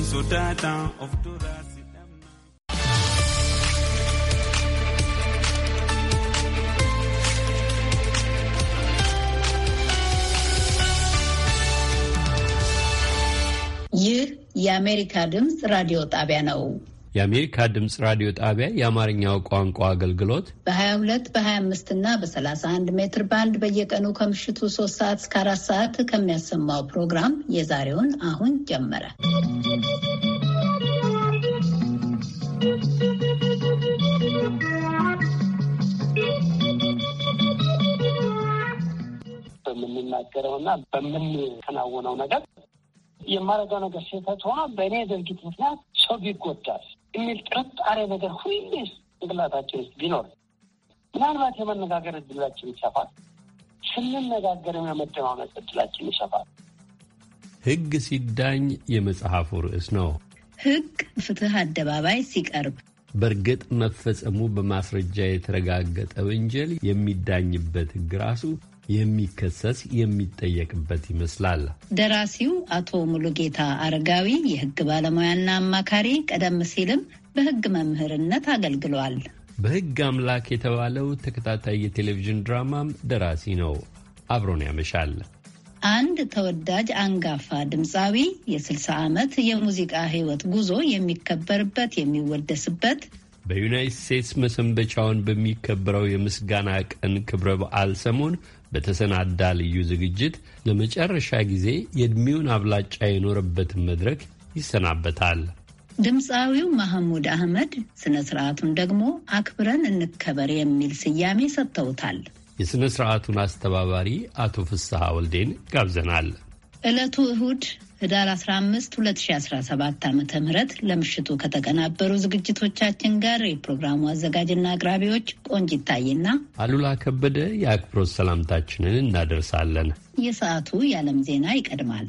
comes to data of Dora. ይህ የአሜሪካ ድምፅ ራዲዮ ጣቢያ ነው። የአሜሪካ ድምፅ ራዲዮ ጣቢያ የአማርኛው ቋንቋ አገልግሎት በ22 በ25 እና በ31 ሜትር ባንድ በየቀኑ ከምሽቱ 3 ሰዓት እስከ 4 ሰዓት ከሚያሰማው ፕሮግራም የዛሬውን አሁን ጀመረ። በምንናገረውና በምንከናወነው ነገር የማረጋው ነገር ስህተት ሆኖ በእኔ ድርጊት ምክንያት ሰው ይጎዳል። የሚል ጥርጣሬ ነገር ሁሌ ጭንቅላታችን ውስጥ ቢኖር ምናልባት የመነጋገር እድላችን ይሰፋል። ስንነጋገር የመደማመጥ እድላችን ይሰፋል። ሕግ ሲዳኝ የመጽሐፉ ርዕስ ነው። ሕግ ፍትህ አደባባይ ሲቀርብ በእርግጥ መፈጸሙ በማስረጃ የተረጋገጠ ወንጀል የሚዳኝበት ሕግ ራሱ የሚከሰስ የሚጠየቅበት ይመስላል። ደራሲው አቶ ሙሉጌታ አረጋዊ የህግ ባለሙያና አማካሪ፣ ቀደም ሲልም በህግ መምህርነት አገልግሏል። በሕግ አምላክ የተባለው ተከታታይ የቴሌቪዥን ድራማም ደራሲ ነው። አብሮን ያመሻል። አንድ ተወዳጅ አንጋፋ ድምፃዊ የ60 ዓመት የሙዚቃ ሕይወት ጉዞ የሚከበርበት የሚወደስበት በዩናይት ስቴትስ መሰንበቻውን በሚከበረው የምስጋና ቀን ክብረ በዓል ሰሞን በተሰናዳ ልዩ ዝግጅት ለመጨረሻ ጊዜ የእድሜውን አብላጫ የኖረበትን መድረክ ይሰናበታል። ድምፃዊው መሐሙድ አህመድ ስነ ስርዓቱን ደግሞ አክብረን እንከበር የሚል ስያሜ ሰጥተውታል። የሥነ ሥርዓቱን አስተባባሪ አቶ ፍስሐ ወልዴን ጋብዘናል። ዕለቱ እሁድ ህዳር 15 2017 ዓ ም ለምሽቱ ከተቀናበሩ ዝግጅቶቻችን ጋር የፕሮግራሙ አዘጋጅና አቅራቢዎች ቆንጅ ይታይና አሉላ ከበደ የአክብሮት ሰላምታችንን እናደርሳለን። የሰዓቱ የዓለም ዜና ይቀድማል።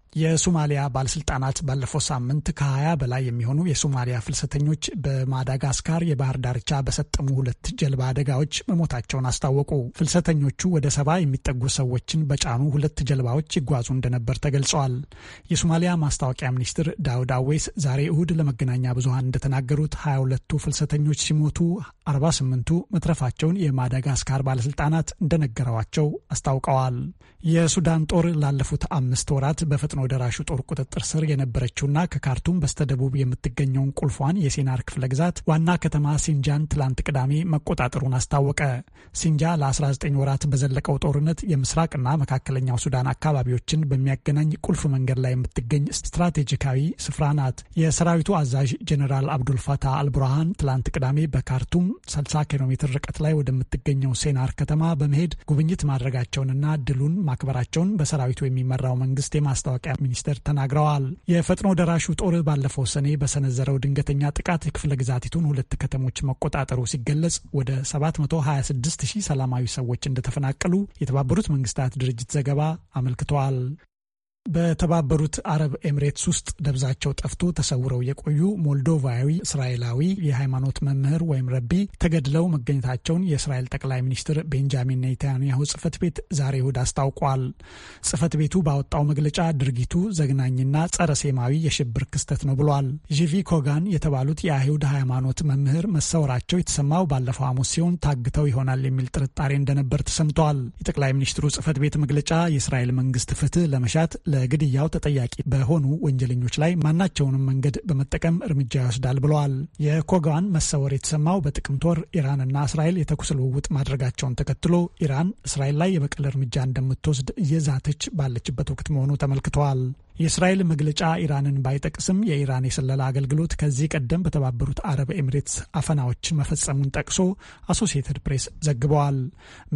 የሶማሊያ ባለስልጣናት ባለፈው ሳምንት ከ20 በላይ የሚሆኑ የሶማሊያ ፍልሰተኞች በማዳጋስካር የባህር ዳርቻ በሰጠሙ ሁለት ጀልባ አደጋዎች መሞታቸውን አስታወቁ። ፍልሰተኞቹ ወደ ሰባ የሚጠጉ ሰዎችን በጫኑ ሁለት ጀልባዎች ይጓዙ እንደነበር ተገልጸዋል። የሶማሊያ ማስታወቂያ ሚኒስትር ዳውድ አዌስ ዛሬ እሁድ ለመገናኛ ብዙሀን እንደተናገሩት 22ቱ ፍልሰተኞች ሲሞቱ 48ቱ መትረፋቸውን የማዳጋስካር ባለስልጣናት እንደነገረዋቸው አስታውቀዋል። የሱዳን ጦር ላለፉት አምስት ወራት በፈጥኖ በፋኖ ደራሹ ጦር ቁጥጥር ስር የነበረችውና ከካርቱም በስተደቡብ የምትገኘውን ቁልፏን የሲናር ክፍለ ግዛት ዋና ከተማ ሲንጃን ትላንት ቅዳሜ መቆጣጠሩን አስታወቀ። ሲንጃ ለ19 ወራት በዘለቀው ጦርነት የምስራቅና መካከለኛው ሱዳን አካባቢዎችን በሚያገናኝ ቁልፍ መንገድ ላይ የምትገኝ ስትራቴጂካዊ ስፍራ ናት። የሰራዊቱ አዛዥ ጀኔራል አብዱልፋታ አልቡርሃን ትላንት ቅዳሜ በካርቱም 60 ኪሎ ሜትር ርቀት ላይ ወደምትገኘው ሴናር ከተማ በመሄድ ጉብኝት ማድረጋቸውንና ድሉን ማክበራቸውን በሰራዊቱ የሚመራው መንግስት የማስታወቂያ መከላከያ ሚኒስቴር ተናግረዋል። የፈጥኖ ደራሹ ጦር ባለፈው ሰኔ በሰነዘረው ድንገተኛ ጥቃት ክፍለ ግዛቲቱን ሁለት ከተሞች መቆጣጠሩ ሲገለጽ ወደ 726 ሺህ ሰላማዊ ሰዎች እንደተፈናቀሉ የተባበሩት መንግስታት ድርጅት ዘገባ አመልክተዋል። በተባበሩት አረብ ኤምሬትስ ውስጥ ደብዛቸው ጠፍቶ ተሰውረው የቆዩ ሞልዶቫዊ እስራኤላዊ የሃይማኖት መምህር ወይም ረቢ ተገድለው መገኘታቸውን የእስራኤል ጠቅላይ ሚኒስትር ቤንጃሚን ኔታንያሁ ጽህፈት ቤት ዛሬ እሁድ አስታውቋል። ጽህፈት ቤቱ ባወጣው መግለጫ ድርጊቱ ዘግናኝና ጸረ ሴማዊ የሽብር ክስተት ነው ብሏል። ዢቪ ኮጋን የተባሉት የአይሁድ ሃይማኖት መምህር መሰወራቸው የተሰማው ባለፈው ሐሙስ ሲሆን ታግተው ይሆናል የሚል ጥርጣሬ እንደነበር ተሰምተዋል። የጠቅላይ ሚኒስትሩ ጽህፈት ቤት መግለጫ የእስራኤል መንግስት ፍትህ ለመሻት ለግድያው ተጠያቂ በሆኑ ወንጀለኞች ላይ ማናቸውንም መንገድ በመጠቀም እርምጃ ይወስዳል ብለዋል። የኮጋን መሰወር የተሰማው በጥቅምት ወር ኢራንና እስራኤል የተኩስ ልውውጥ ማድረጋቸውን ተከትሎ ኢራን እስራኤል ላይ የበቀል እርምጃ እንደምትወስድ እየዛተች ባለችበት ወቅት መሆኑ ተመልክተዋል። የእስራኤል መግለጫ ኢራንን ባይጠቅስም የኢራን የስለላ አገልግሎት ከዚህ ቀደም በተባበሩት አረብ ኤምሬትስ አፈናዎች መፈጸሙን ጠቅሶ አሶሲየትድ ፕሬስ ዘግበዋል።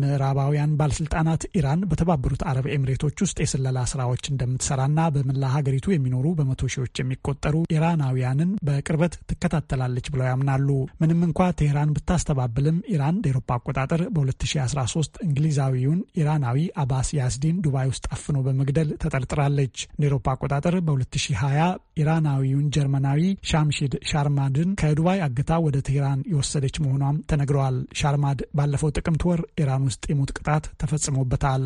ምዕራባውያን ባለስልጣናት ኢራን በተባበሩት አረብ ኤሚሬቶች ውስጥ የስለላ ስራዎች እንደምትሰራና በመላ ሀገሪቱ የሚኖሩ በመቶ ሺዎች የሚቆጠሩ ኢራናውያንን በቅርበት ትከታተላለች ብለው ያምናሉ። ምንም እንኳ ቴህራን ብታስተባብልም ኢራን በኤሮፓ አቆጣጠር በ2013 እንግሊዛዊውን ኢራናዊ አባስ ያስዲን ዱባይ ውስጥ አፍኖ በመግደል ተጠርጥራለች። አውሮፓ አቆጣጠር በ2020 ኢራናዊውን ጀርመናዊ ሻምሺድ ሻርማድን ከዱባይ አግታ ወደ ትሄራን የወሰደች መሆኗም ተነግረዋል። ሻርማድ ባለፈው ጥቅምት ወር ኢራን ውስጥ የሞት ቅጣት ተፈጽሞበታል።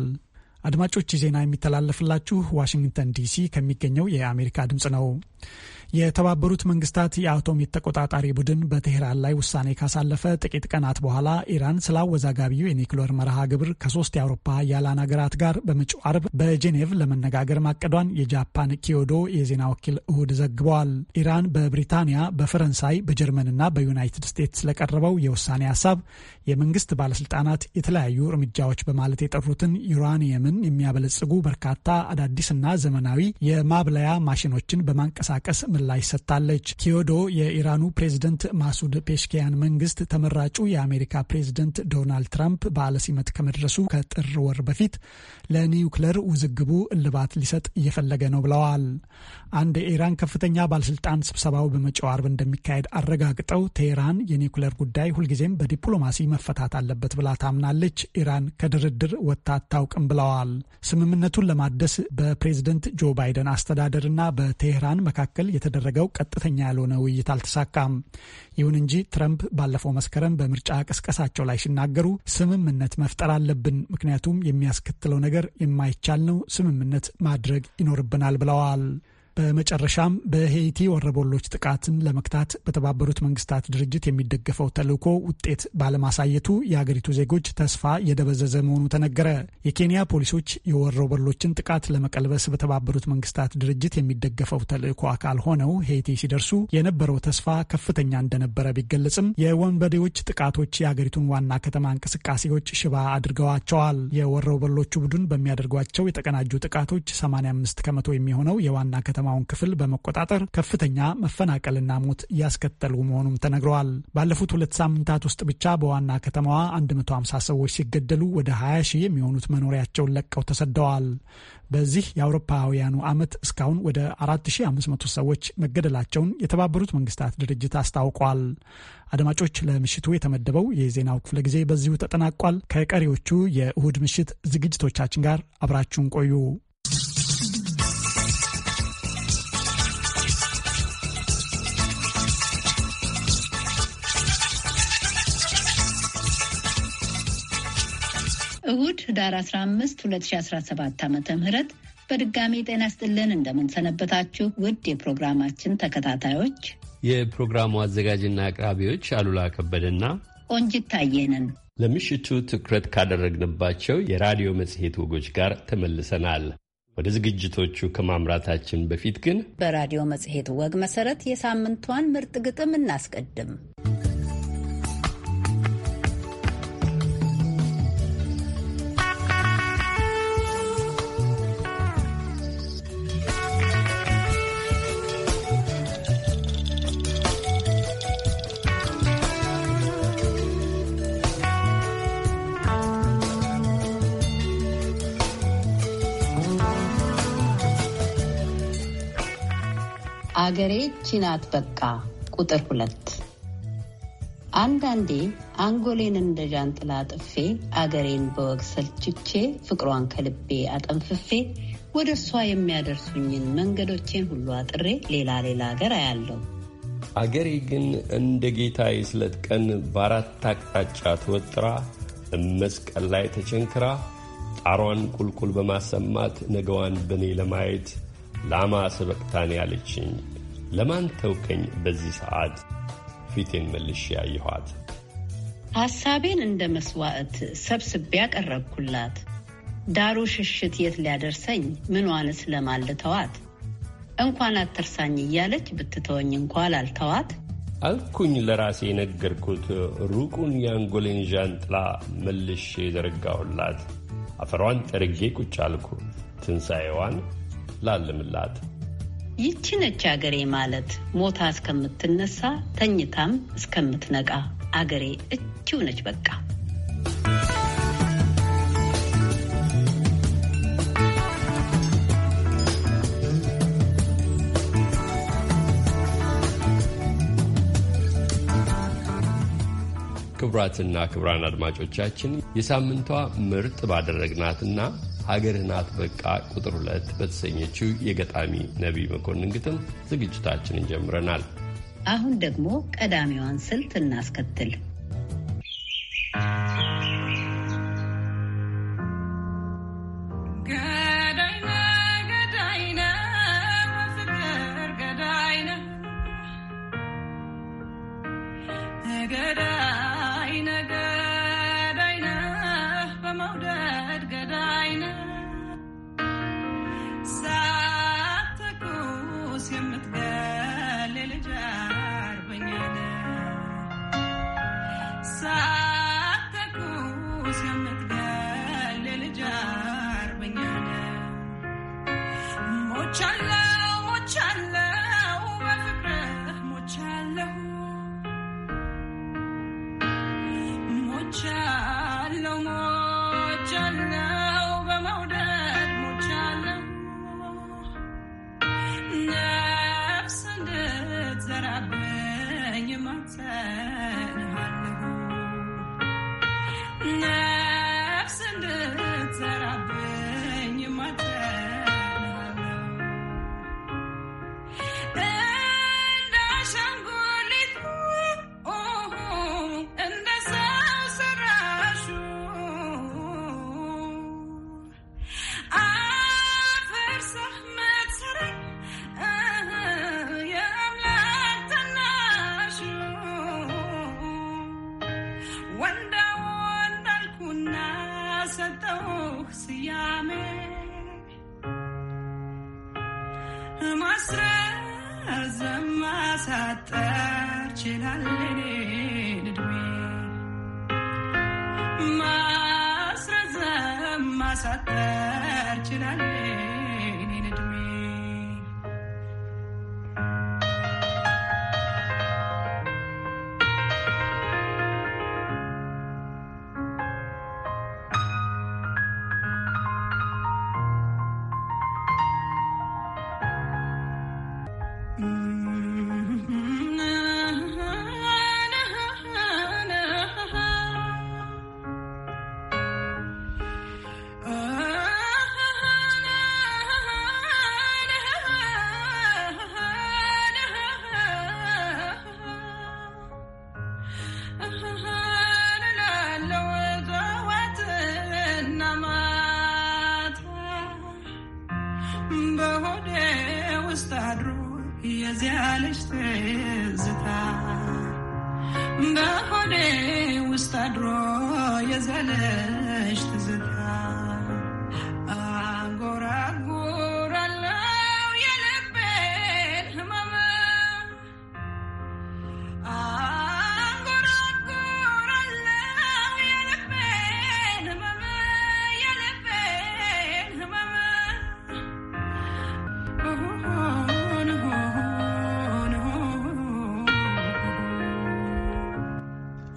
አድማጮች ዜና የሚተላለፍላችሁ ዋሽንግተን ዲሲ ከሚገኘው የአሜሪካ ድምፅ ነው። የተባበሩት መንግስታት የአቶሚክ ተቆጣጣሪ ቡድን በቴህራን ላይ ውሳኔ ካሳለፈ ጥቂት ቀናት በኋላ ኢራን ስለ አወዛጋቢው የኒክሎር መርሃ ግብር ከሶስት የአውሮፓ ያላን ሀገራት ጋር በመጪው አርብ በጄኔቭ ለመነጋገር ማቀዷን የጃፓን ኪዮዶ የዜና ወኪል እሁድ ዘግበዋል። ኢራን በብሪታንያ፣ በፈረንሳይ፣ በጀርመንና በዩናይትድ ስቴትስ ለቀረበው የውሳኔ ሀሳብ የመንግስት ባለስልጣናት የተለያዩ እርምጃዎች በማለት የጠሩትን ዩራኒየምን የሚያበለጽጉ በርካታ አዳዲስና ዘመናዊ የማብለያ ማሽኖችን በማንቀሳቀስ ምላሽ ሰጥታለች። ኪዮዶ የኢራኑ ፕሬዝደንት ማሱድ ፔሽኪያን መንግስት ተመራጩ የአሜሪካ ፕሬዝደንት ዶናልድ ትራምፕ በዓለ ሲመት ከመድረሱ ከጥር ወር በፊት ለኒውክለር ውዝግቡ እልባት ሊሰጥ እየፈለገ ነው ብለዋል። አንድ የኢራን ከፍተኛ ባለስልጣን ስብሰባው በመጪው አርብ እንደሚካሄድ አረጋግጠው ቴህራን የኒውክለር ጉዳይ ሁልጊዜም በዲፕሎማሲ መፈታት አለበት ብላ ታምናለች። ኢራን ከድርድር ወጥታ አታውቅም ብለዋል። ስምምነቱን ለማደስ በፕሬዝደንት ጆ ባይደን አስተዳደርና በቴህራን መካከል የተደረገው ቀጥተኛ ያልሆነ ውይይት አልተሳካም። ይሁን እንጂ ትረምፕ ባለፈው መስከረም በምርጫ ቅስቀሳቸው ላይ ሲናገሩ ስምምነት መፍጠር አለብን፣ ምክንያቱም የሚያስከትለው ነገር የማይቻል ነው፣ ስምምነት ማድረግ ይኖርብናል ብለዋል። በመጨረሻም በሄይቲ ወረቦሎች ጥቃትን ለመክታት በተባበሩት መንግስታት ድርጅት የሚደገፈው ተልዕኮ ውጤት ባለማሳየቱ የአገሪቱ ዜጎች ተስፋ የደበዘዘ መሆኑ ተነገረ። የኬንያ ፖሊሶች የወረበሎችን ጥቃት ለመቀልበስ በተባበሩት መንግስታት ድርጅት የሚደገፈው ተልዕኮ አካል ሆነው ሄይቲ ሲደርሱ የነበረው ተስፋ ከፍተኛ እንደነበረ ቢገለጽም የወንበዴዎች ጥቃቶች የአገሪቱን ዋና ከተማ እንቅስቃሴዎች ሽባ አድርገዋቸዋል። የወረበሎቹ ቡድን በሚያደርጓቸው የተቀናጁ ጥቃቶች 85 ከመቶ የሚሆነው የዋና ከተማ የከተማውን ክፍል በመቆጣጠር ከፍተኛ መፈናቀልና ሞት እያስከተሉ መሆኑም ተነግረዋል። ባለፉት ሁለት ሳምንታት ውስጥ ብቻ በዋና ከተማዋ 150 ሰዎች ሲገደሉ ወደ 20 ሺህ የሚሆኑት መኖሪያቸውን ለቀው ተሰደዋል። በዚህ የአውሮፓውያኑ ዓመት እስካሁን ወደ 4500 ሰዎች መገደላቸውን የተባበሩት መንግስታት ድርጅት አስታውቋል። አድማጮች፣ ለምሽቱ የተመደበው የዜናው ክፍለ ጊዜ በዚሁ ተጠናቋል። ከቀሪዎቹ የእሁድ ምሽት ዝግጅቶቻችን ጋር አብራችሁን ቆዩ። እሁድ ህዳር 15 2017 ዓ ም በድጋሚ ጤና ስጥልን እንደምንሰነበታችሁ ውድ የፕሮግራማችን ተከታታዮች። የፕሮግራሙ አዘጋጅና አቅራቢዎች አሉላ ከበደና ቆንጅት ታየንን ለምሽቱ ትኩረት ካደረግንባቸው የራዲዮ መጽሔት ወጎች ጋር ተመልሰናል። ወደ ዝግጅቶቹ ከማምራታችን በፊት ግን በራዲዮ መጽሔት ወግ መሰረት የሳምንቷን ምርጥ ግጥም እናስቀድም። ሀገሬ ቺናት በቃ ቁጥር ሁለት አንዳንዴ አንጎሌን እንደ ዣንጥላ ጥፌ አገሬን በወግ ሰልችቼ ፍቅሯን ከልቤ አጠንፍፌ ወደ እሷ የሚያደርሱኝን መንገዶቼን ሁሉ አጥሬ ሌላ ሌላ ሀገር አያለሁ። አገሬ ግን እንደ ጌታ የስለት ቀን በአራት አቅጣጫ ተወጥራ መስቀል ላይ ተቸንክራ ጣሯን ቁልቁል በማሰማት ነገዋን በእኔ ለማየት ላማ ሰበቅታን ያለችኝ ለማን ተውከኝ በዚህ ሰዓት ፊቴን መልሼ ያየኋት ሐሳቤን እንደ መስዋዕት ሰብስቤ ያቀረብኩላት ዳሩ ሽሽት የት ሊያደርሰኝ ምኗንስ ለማልተዋት እንኳን አትርሳኝ እያለች ብትተወኝ እንኳ ላልተዋት አልኩኝ ለራሴ የነገርኩት ሩቁን የአንጎሌን ዣንጥላ መልሼ ዘረጋሁላት። አፈሯን ጠርጌ ቁጭ አልኩ ትንሣኤዋን ላልምላት ይቺ ነች አገሬ ማለት ሞታ እስከምትነሳ ተኝታም እስከምትነቃ አገሬ እችው ነች በቃ። ክቡራትና ክቡራን አድማጮቻችን የሳምንቷ ምርጥ ባደረግናትና ሀገር ናት በቃ ቁጥር ሁለት በተሰኘችው የገጣሚ ነቢይ መኮንን ግጥም ዝግጅታችንን ጀምረናል። አሁን ደግሞ ቀዳሚዋን ስልት እናስከትል።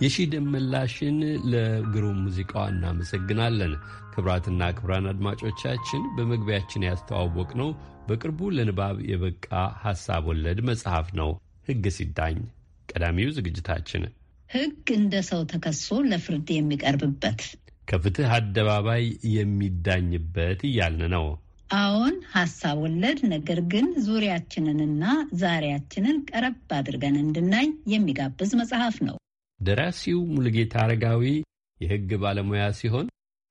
የሺ ደመላሽን ለግሩም ሙዚቃዋ እናመሰግናለን። ክብራትና ክብራን አድማጮቻችን በመግቢያችን ያስተዋወቅ ነው በቅርቡ ለንባብ የበቃ ሐሳብ ወለድ መጽሐፍ ነው ሕግ ሲዳኝ ቀዳሚው ዝግጅታችን ሕግ እንደ ሰው ተከሶ ለፍርድ የሚቀርብበት ከፍትህ አደባባይ የሚዳኝበት እያልን ነው። አዎን ሐሳብ ወለድ ነገር ግን ዙሪያችንንና ዛሬያችንን ቀረብ አድርገን እንድናይ የሚጋብዝ መጽሐፍ ነው። ደራሲው ሙልጌታ አረጋዊ የሕግ ባለሙያ ሲሆን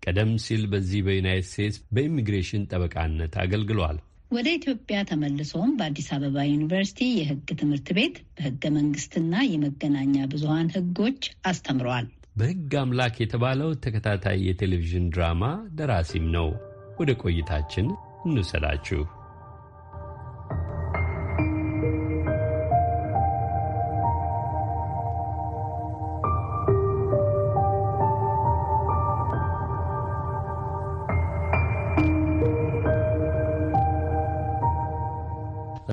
ቀደም ሲል በዚህ በዩናይት ስቴትስ በኢሚግሬሽን ጠበቃነት አገልግሏል። ወደ ኢትዮጵያ ተመልሶም በአዲስ አበባ ዩኒቨርሲቲ የሕግ ትምህርት ቤት በሕገ መንግስትና የመገናኛ ብዙሀን ሕጎች አስተምረዋል። በሕግ አምላክ የተባለው ተከታታይ የቴሌቪዥን ድራማ ደራሲም ነው። ወደ ቆይታችን እንውሰዳችሁ።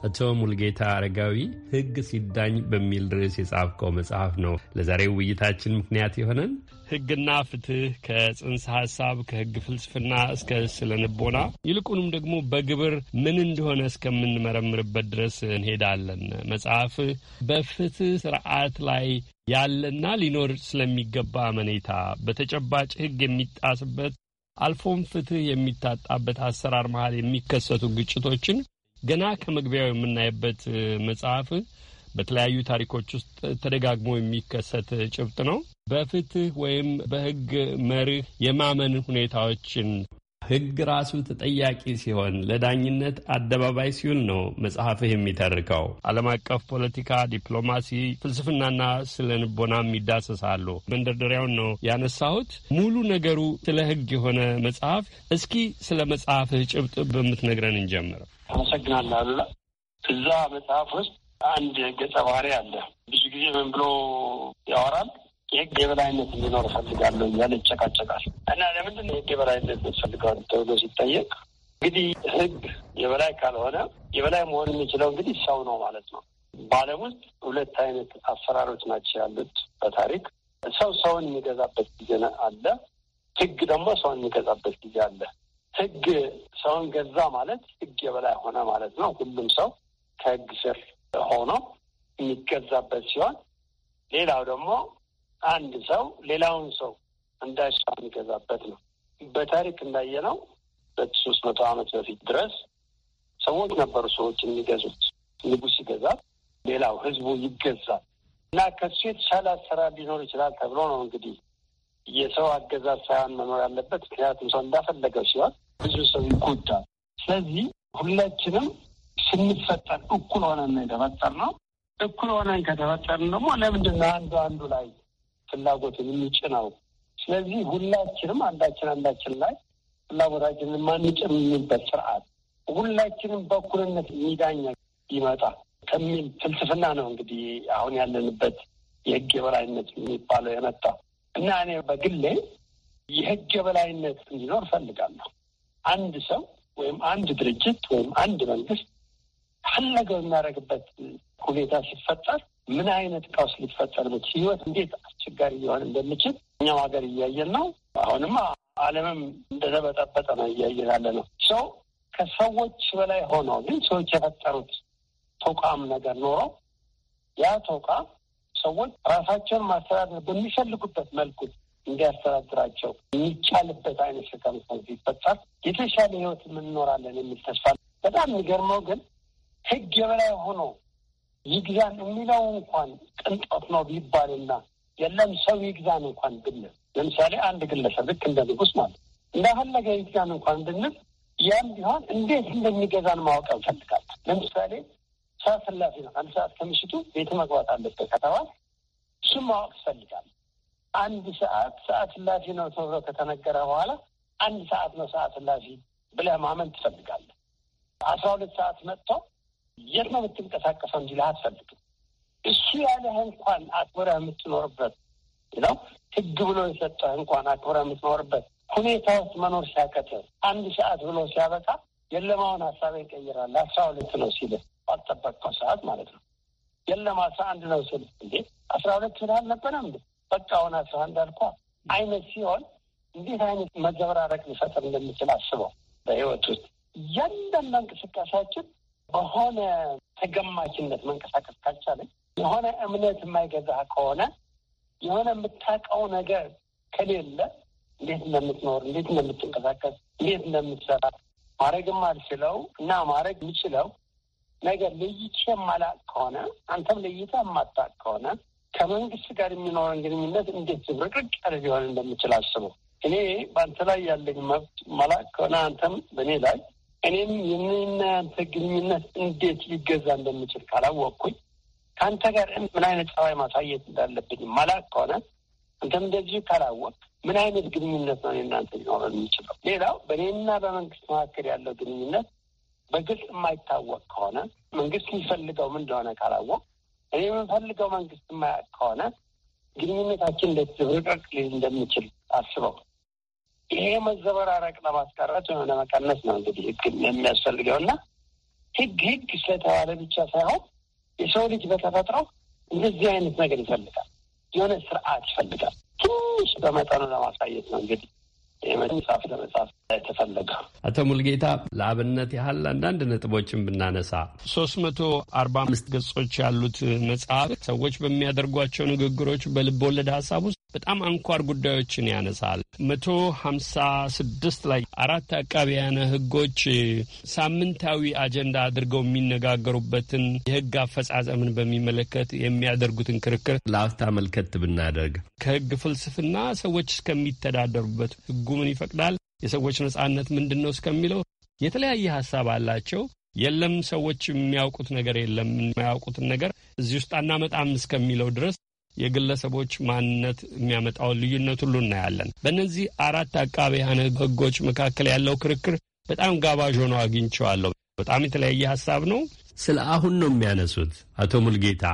አቶ ሙልጌታ አረጋዊ ሕግ ሲዳኝ በሚል ርዕስ የጻፍከው መጽሐፍ ነው ለዛሬው ውይይታችን ምክንያት የሆነን። ሕግና ፍትህ ከጽንሰ ሀሳብ ከሕግ ፍልስፍና እስከ ስለንቦና ይልቁንም ደግሞ በግብር ምን እንደሆነ እስከምንመረምርበት ድረስ እንሄዳለን። መጽሐፍ በፍትህ ስርዓት ላይ ያለና ሊኖር ስለሚገባ አመኔታ በተጨባጭ ሕግ የሚጣስበት አልፎም ፍትህ የሚታጣበት አሰራር መሀል የሚከሰቱ ግጭቶችን ገና ከመግቢያው የምናይበት መጽሐፍ በተለያዩ ታሪኮች ውስጥ ተደጋግሞ የሚከሰት ጭብጥ ነው። በፍትህ ወይም በህግ መርህ የማመን ሁኔታዎችን ሕግ ራሱ ተጠያቂ ሲሆን ለዳኝነት አደባባይ ሲውል ነው መጽሐፍህ የሚተርከው። ዓለም አቀፍ ፖለቲካ፣ ዲፕሎማሲ፣ ፍልስፍናና ስለ ንቦናም ይዳሰሳሉ። መንደርደሪያውን ነው ያነሳሁት። ሙሉ ነገሩ ስለ ሕግ የሆነ መጽሐፍ። እስኪ ስለ መጽሐፍህ ጭብጥ በምትነግረን እንጀምር። አመሰግናለሁ አሉላ። እዛ መጽሐፍ ውስጥ አንድ ገጸ ባህሪ አለ። ብዙ ጊዜ ምን ብሎ ያወራል? የህግ የበላይነት እንዲኖር እፈልጋለሁ እያለ ይጨቃጨቃል እና ለምንድን ነው የህግ የበላይነት ፈልገዋል ተብሎ ሲጠየቅ እንግዲህ ህግ የበላይ ካልሆነ የበላይ መሆን የሚችለው እንግዲህ ሰው ነው ማለት ነው። በዓለም ውስጥ ሁለት አይነት አሰራሮች ናቸው ያሉት በታሪክ ሰው ሰውን የሚገዛበት ጊዜ አለ። ህግ ደግሞ ሰውን የሚገዛበት ጊዜ አለ። ህግ ሰውን ገዛ ማለት ህግ የበላይ ሆነ ማለት ነው። ሁሉም ሰው ከህግ ስር ሆኖ የሚገዛበት ሲሆን፣ ሌላው ደግሞ አንድ ሰው ሌላውን ሰው እንዳሻ የሚገዛበት ነው። በታሪክ እንዳየነው ሁለት ሶስት መቶ ዓመት በፊት ድረስ ሰዎች ነበሩ ሰዎች የሚገዙት። ንጉስ ይገዛል፣ ሌላው ህዝቡ ይገዛል እና ከሱ የተሻለ አሰራር ሊኖር ይችላል ተብሎ ነው እንግዲህ የሰው አገዛዝ ሳይሆን መኖር ያለበት። ምክንያቱም ሰው እንዳፈለገው ሲሆን ብዙ ሰው ይጎዳል። ስለዚህ ሁላችንም ስንፈጠር እኩል ሆነን ነው የተፈጠርነው። እኩል ሆነን ከተፈጠርን ደግሞ ለምንድን ነው አንዱ አንዱ ላይ ፍላጎትን የሚጭነው። ስለዚህ ሁላችንም አንዳችን አንዳችን ላይ ፍላጎታችንን የማንጭምበት ስርዓት ሁላችንም በኩልነት የሚዳኛ ይመጣ ከሚል ፍልስፍና ነው እንግዲህ አሁን ያለንበት የህግ የበላይነት የሚባለው የመጣው እና እኔ በግሌ የህግ የበላይነት እንዲኖር እፈልጋለሁ። አንድ ሰው ወይም አንድ ድርጅት ወይም አንድ መንግስት ፈለገው የሚያደርግበት ሁኔታ ሲፈጠር ምን አይነት ቀውስ ሊፈጠር ህይወት እንዴት አስቸጋሪ ሊሆን እንደሚችል እኛም ሀገር እያየን ነው። አሁንም ዓለምም እንደተበጠበጠ ነው እያየን ያለ ነው። ሰው ከሰዎች በላይ ሆኖ ግን ሰዎች የፈጠሩት ተቋም ነገር ኖሮ ያ ተቋም ሰዎች ራሳቸውን ማስተዳደር በሚፈልጉበት መልኩ እንዲያስተዳድራቸው የሚቻልበት አይነት ስከምሳት ይፈጣል። የተሻለ ህይወት የምንኖራለን የሚል ተስፋ። በጣም የሚገርመው ግን ህግ የበላይ ሆኖ ይግዛን የሚለው እንኳን ቅንጦት ነው ቢባልና የለም ሰው ይግዛን እንኳን ብንል ለምሳሌ አንድ ግለሰብ ልክ እንደ ንጉስ ማለት እንዳፈለገ ይግዛን እንኳን ብንል ያም ቢሆን እንዴት እንደሚገዛን ማወቅ ያንፈልጋል። ለምሳሌ ሰዓት እላፊ ነው። አንድ ሰዓት ከምሽቱ ቤት መግባት አለበት ከተባ እሱም ማወቅ ይፈልጋል። አንድ ሰዓት ሰዓት እላፊ ነው ተብሎ ከተነገረ በኋላ አንድ ሰዓት ነው ሰዓት እላፊ ብለህ ማመን ትፈልጋለህ። አስራ ሁለት ሰዓት መጥቶ የት ነው የምትንቀሳቀሰው እንዲልህ አትፈልግም። እሱ ያለህ እንኳን አክብረህ የምትኖርበት ነው። ህግ ብሎ የሰጠህ እንኳን አክብረህ የምትኖርበት ሁኔታ ውስጥ መኖር ሲያከተ አንድ ሰዓት ብሎ ሲያበቃ የለማውን ሀሳብ ይቀይራል አስራ ሁለት ነው ሲል ባልጠበቅከው ሰዓት ማለት ነው። የለም አስራ አንድ ነው ስል እንዴ አስራ ሁለት ስል አልነበረ ምድ በቃ አሁን አስራ አንድ አልኳ አይነት ሲሆን እንዴት አይነት መዘበራረቅ ሊፈጥር እንደምችል አስበው። በህይወት ውስጥ እያንዳንዱ እንቅስቃሴያችን በሆነ ተገማችነት መንቀሳቀስ ካልቻለን የሆነ እምነት የማይገዛ ከሆነ የሆነ የምታውቀው ነገር ከሌለ እንዴት እንደምትኖር፣ እንዴት እንደምትንቀሳቀስ፣ እንዴት እንደምትሰራ ማድረግም አልችለው እና ማድረግ የምችለው ነገር ለይቼ የማላቅ ከሆነ አንተም ለይታ የማታቅ ከሆነ ከመንግስት ጋር የሚኖረን ግንኙነት እንዴት ዝብርቅርቅ ያለ ሊሆን እንደምችል አስበው። እኔ በአንተ ላይ ያለኝ መብት ማላቅ ከሆነ አንተም በእኔ ላይ እኔም የምናንተ ግንኙነት እንዴት ሊገዛ እንደምችል ካላወቅኩኝ ከአንተ ጋር ምን አይነት ጸባይ ማሳየት እንዳለብኝ ማላቅ ከሆነ አንተም እንደዚሁ ካላወቅ ምን አይነት ግንኙነት ነው እናንተ ሊኖረ የሚችለው? ሌላው በእኔና በመንግስት መካከል ያለው ግንኙነት በግልጽ የማይታወቅ ከሆነ መንግስት የሚፈልገው ምን እንደሆነ ካላወቅ፣ እኔ የምንፈልገው መንግስት የማያውቅ ከሆነ ግንኙነታችን እንዴት ዝብርቅርቅ ሊል እንደሚችል አስበው። ይሄ መዘበራረቅ ለማስቀረት ወይም ለመቀነስ ነው እንግዲህ ህግ የሚያስፈልገው እና ህግ ህግ ስለተባለ ብቻ ሳይሆን የሰው ልጅ በተፈጥሮ እንደዚህ አይነት ነገር ይፈልጋል። የሆነ ስርዓት ይፈልጋል። ትንሽ በመጠኑ ለማሳየት ነው እንግዲህ መጽሐፍ ለመጽሐፍ የተፈለገ አቶ ሙልጌታ ለአብነት ያህል አንዳንድ ነጥቦችን ብናነሳ ሶስት መቶ አርባ አምስት ገጾች ያሉት መጽሐፍ ሰዎች በሚያደርጓቸው ንግግሮች በልብ ወለድ ሀሳብ ውስጥ በጣም አንኳር ጉዳዮችን ያነሳል። መቶ ሀምሳ ስድስት ላይ አራት አቃቢያነ ህጎች ሳምንታዊ አጀንዳ አድርገው የሚነጋገሩበትን የህግ አፈጻጸምን በሚመለከት የሚያደርጉትን ክርክር ለአፍታ መልከት ብናደርግ ከህግ ፍልስፍና ሰዎች እስከሚተዳደሩበት ሕጉ ህጉምን ይፈቅዳል፣ የሰዎች ነጻነት ምንድን ነው እስከሚለው የተለያየ ሀሳብ አላቸው። የለም ሰዎች የሚያውቁት ነገር የለም የማያውቁትን ነገር እዚህ ውስጥ አናመጣም እስከሚለው ድረስ የግለሰቦች ማንነት የሚያመጣውን ልዩነት ሁሉ እናያለን። በእነዚህ አራት አቃቤያነ ህጎች መካከል ያለው ክርክር በጣም ጋባዥ ሆኖ አግኝቼዋለሁ። በጣም የተለያየ ሀሳብ ነው። ስለ አሁን ነው የሚያነሱት አቶ ሙልጌታ።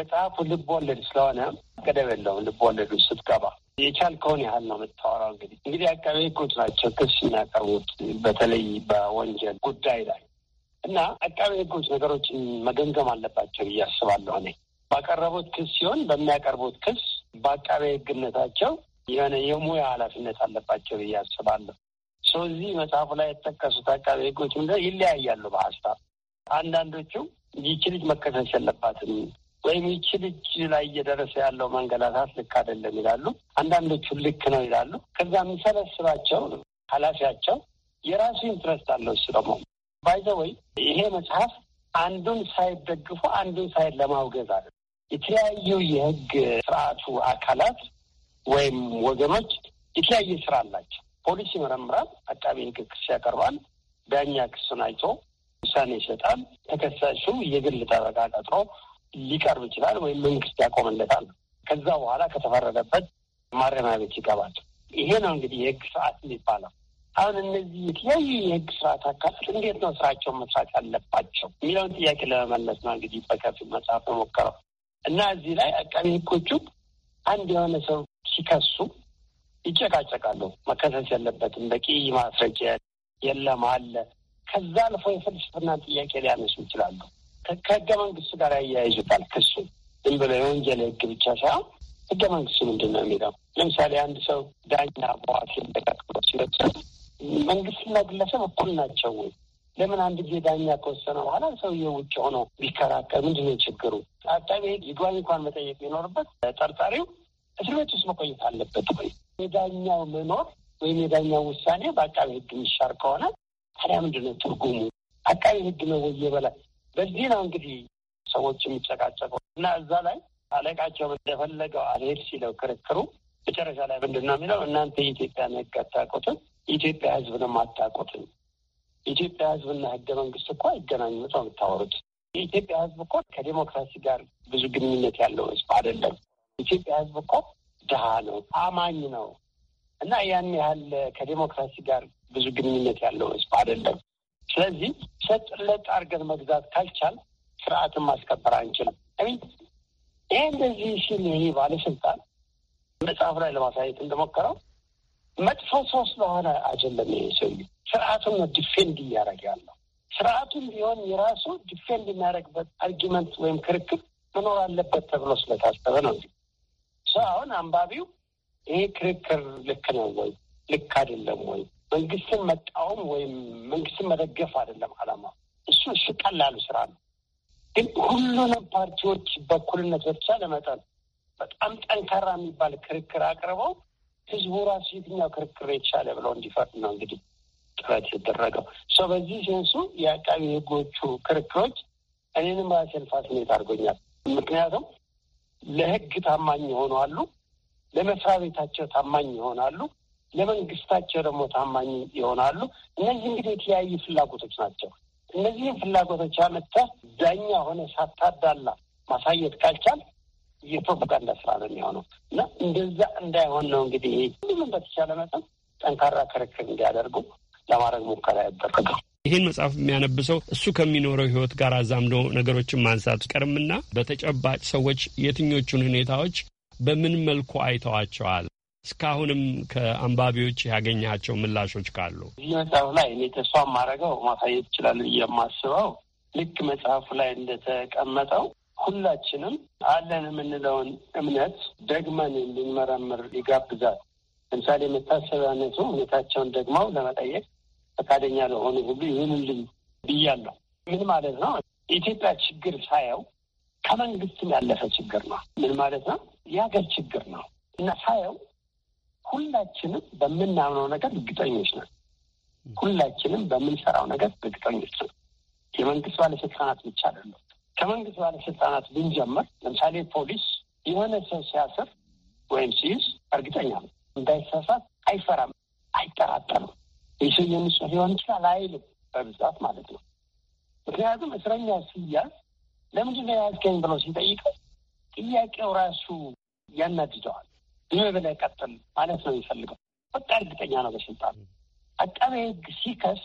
መጽሐፉ ልብ ወለድ ስለሆነ ገደብ የለውም። ልብ ወለዱ ስትገባ የቻልከውን ያህል ነው የምታወራው። እንግዲህ እንግዲህ አቃቤ ሕጎች ናቸው ክስ የሚያቀርቡት በተለይ በወንጀል ጉዳይ ላይ እና አቃቤ ሕጎች ነገሮችን መገምገም አለባቸው ብዬ አስባለሁ። እኔ ባቀረቡት ክስ ሲሆን በሚያቀርቡት ክስ በአቃቤ ሕግነታቸው የሆነ የሙያ ኃላፊነት አለባቸው ብዬ አስባለሁ። ስለዚህ መጽሐፉ ላይ የተጠቀሱት አቃቤ ሕጎች ምንድን ነው ይለያያሉ በሀሳብ አንዳንዶቹ ይቺ ልጅ መከሰስ የለባትም ወይም ይቺ ልጅ ላይ እየደረሰ ያለው መንገላታት ልክ አይደለም ይላሉ። አንዳንዶቹ ልክ ነው ይላሉ። ከዛ የሚሰበስባቸው ኃላፊያቸው የራሱ ኢንትረስት አለው። እሱ ደግሞ ባይዘ ወይ ይሄ መጽሐፍ አንዱን ሳይድ ደግፎ አንዱን ሳይድ ለማውገዝ አለ የተለያዩ የህግ ስርዓቱ አካላት ወይም ወገኖች የተለያየ ስራ አላቸው። ፖሊስ ይመረምራል፣ አቃቢ ህግ ክስ ያቀርባል፣ ዳኛ ክሱን አይቶ ውሳኔ ይሰጣል። ተከሳሹ የግል ጠበቃ ቀጥሮ ሊቀርብ ይችላል ወይም መንግስት ያቆምለታል። ከዛ በኋላ ከተፈረደበት ማረሚያ ቤት ይገባል። ይሄ ነው እንግዲህ የህግ ስርዓት የሚባለው። አሁን እነዚህ የተለያዩ የህግ ስርዓት አካላት እንዴት ነው ስራቸውን መስራት ያለባቸው የሚለውን ጥያቄ ለመመለስ ነው እንግዲህ በከፊል መጽሐፍ የሞከረው እና እዚህ ላይ አቃቢ ህጎቹ አንድ የሆነ ሰው ሲከሱ ይጨቃጨቃሉ። መከሰስ የለበትም በቂ ማስረጃ የለም አለ። ከዛ አልፎ የፍልስፍና ጥያቄ ሊያነሱ ይችላሉ። ከህገ መንግስቱ ጋር ያያይዙታል። ክሱ ዝም ብሎ የወንጀል ህግ ብቻ ሳይሆን ህገ መንግስቱ ምንድን ነው የሚለው ለምሳሌ አንድ ሰው ዳኛ በዋስ ተቀጥሎ ሲወሰን መንግስትና ግለሰብ እኩል ናቸው ወይ? ለምን አንድ ጊዜ ዳኛ ከወሰነ በኋላ ሰውዬው ውጭ ሆኖ ቢከራከር ምንድነው ችግሩ? አቃቤ ይግባኝ እንኳን መጠየቅ ቢኖርበት ጠርጣሪው እስር ቤት ውስጥ መቆየት አለበት ወይ? የዳኛው መኖር ወይም የዳኛው ውሳኔ በአቃቤ ህግ የሚሻር ከሆነ ታዲያ ምንድነው ትርጉሙ? አቃቤ ህግ ነው ወይ የበላይ በዚህ ነው እንግዲህ ሰዎች የሚጨቃጨቀው እና እዛ ላይ አለቃቸው እንደፈለገው አልሄድ ሲለው ክርክሩ መጨረሻ ላይ ምንድን ነው የሚለው እናንተ የኢትዮጵያን ሕግ አታውቁትም፣ የኢትዮጵያ ህዝብንም አታውቁትም። የኢትዮጵያ ህዝብና ህገ መንግስት እኮ አይገናኙ ነው የምታወሩት። የኢትዮጵያ ህዝብ እኮ ከዴሞክራሲ ጋር ብዙ ግንኙነት ያለው ህዝብ አይደለም። የኢትዮጵያ ህዝብ እኮ ድሃ ነው፣ አማኝ ነው እና ያን ያህል ከዴሞክራሲ ጋር ብዙ ግንኙነት ያለው ህዝብ አይደለም። ስለዚህ ሰጥለጥ አድርገን መግዛት ካልቻል ስርዓትን ማስከበር አንችልም። ይህ እንደዚህ ሲል ይህ ባለስልጣን መጽሐፍ ላይ ለማሳየት እንደሞከረው መጥፎ ሰው ስለሆነ አይደለም። ይሄ ሰው ስርዓቱን ነው ዲፌንድ እያደረገ ያለው። ስርዓቱን ቢሆን የራሱ ዲፌንድ የሚያደርግበት አርጊመንት ወይም ክርክር መኖር አለበት ተብሎ ስለታሰበ ነው እንጂ ሰው አሁን አንባቢው ይሄ ክርክር ልክ ነው ወይ ልክ አይደለም ወይ መንግስትን መቃወም ወይም መንግስትን መደገፍ አይደለም አላማ። እሱ እሱ ቀላሉ ስራ ነው። ግን ሁሉንም ፓርቲዎች በኩልነት በተቻለ መጠን በጣም ጠንካራ የሚባል ክርክር አቅርበው ህዝቡ ራሱ የትኛው ክርክር የተሻለ ብለው እንዲፈርድ ነው እንግዲህ ጥረት የተደረገው ሰው በዚህ ሲንሱ የአቃቢ ህጎቹ ክርክሮች እኔንም ራሴን ስሜት አድርጎኛል። ምክንያቱም ለህግ ታማኝ ይሆናሉ፣ ለመስሪያ ቤታቸው ታማኝ ይሆናሉ፣ ለመንግስታቸው ደግሞ ታማኝ ይሆናሉ። እነዚህ እንግዲህ የተለያዩ ፍላጎቶች ናቸው። እነዚህም ፍላጎቶች አመጥተህ ዳኛ ሆነ ሳታዳላ ማሳየት ካልቻል የፕሮፓጋንዳ ስራ ነው የሚሆነው እና እንደዛ እንዳይሆን ነው እንግዲህ ሁሉም በተቻለ መጠን ጠንካራ ክርክር እንዲያደርጉ ለማድረግ ሙከራ ያደረገው። ይህን መጽሐፍ የሚያነብሰው እሱ ከሚኖረው ህይወት ጋር አዛምዶ ነገሮችን ማንሳት ቀርምና በተጨባጭ ሰዎች የትኞቹን ሁኔታዎች በምን መልኩ አይተዋቸዋል እስካሁንም ከአንባቢዎች ያገኛቸው ምላሾች ካሉ መጽሐፍ ላይ እኔ ተስፋ የማደርገው ማሳየት ይችላል ብዬ የማስበው ልክ መጽሐፉ ላይ እንደተቀመጠው ሁላችንም አለን የምንለውን እምነት ደግመን እንድንመረምር ይጋብዛል። ለምሳሌ መታሰቢያነቱ እምነታቸውን ደግመው ለመጠየቅ ፈቃደኛ ለሆኑ ሁሉ ይሁንልኝ ብያለሁ። ምን ማለት ነው? የኢትዮጵያ ችግር ሳየው ከመንግስትም ያለፈ ችግር ነው። ምን ማለት ነው? የሀገር ችግር ነው እና ሳየው ሁላችንም በምናምነው ነገር እርግጠኞች ነን። ሁላችንም በምንሰራው ነገር እርግጠኞች ነን። የመንግስት ባለስልጣናት ብቻ አይደለም። ከመንግስት ባለስልጣናት ብንጀምር፣ ለምሳሌ ፖሊስ የሆነ ሰው ሲያስር ወይም ሲይዝ እርግጠኛ ነው። እንዳይሳሳት አይፈራም፣ አይጠራጠርም። የሰው ንጹህ ሊሆን ይችላል አይልም፣ በብዛት ማለት ነው። ምክንያቱም እስረኛ ሲያዝ ለምንድን ነው ያዝከኝ ብለው ሲጠይቀው ጥያቄው ራሱ ያናድደዋል። ይህ በላይ ቀጥል ማለት ነው የሚፈልገው። በቃ እርግጠኛ ነው በስልጣን አቃቤ ህግ ሲከስ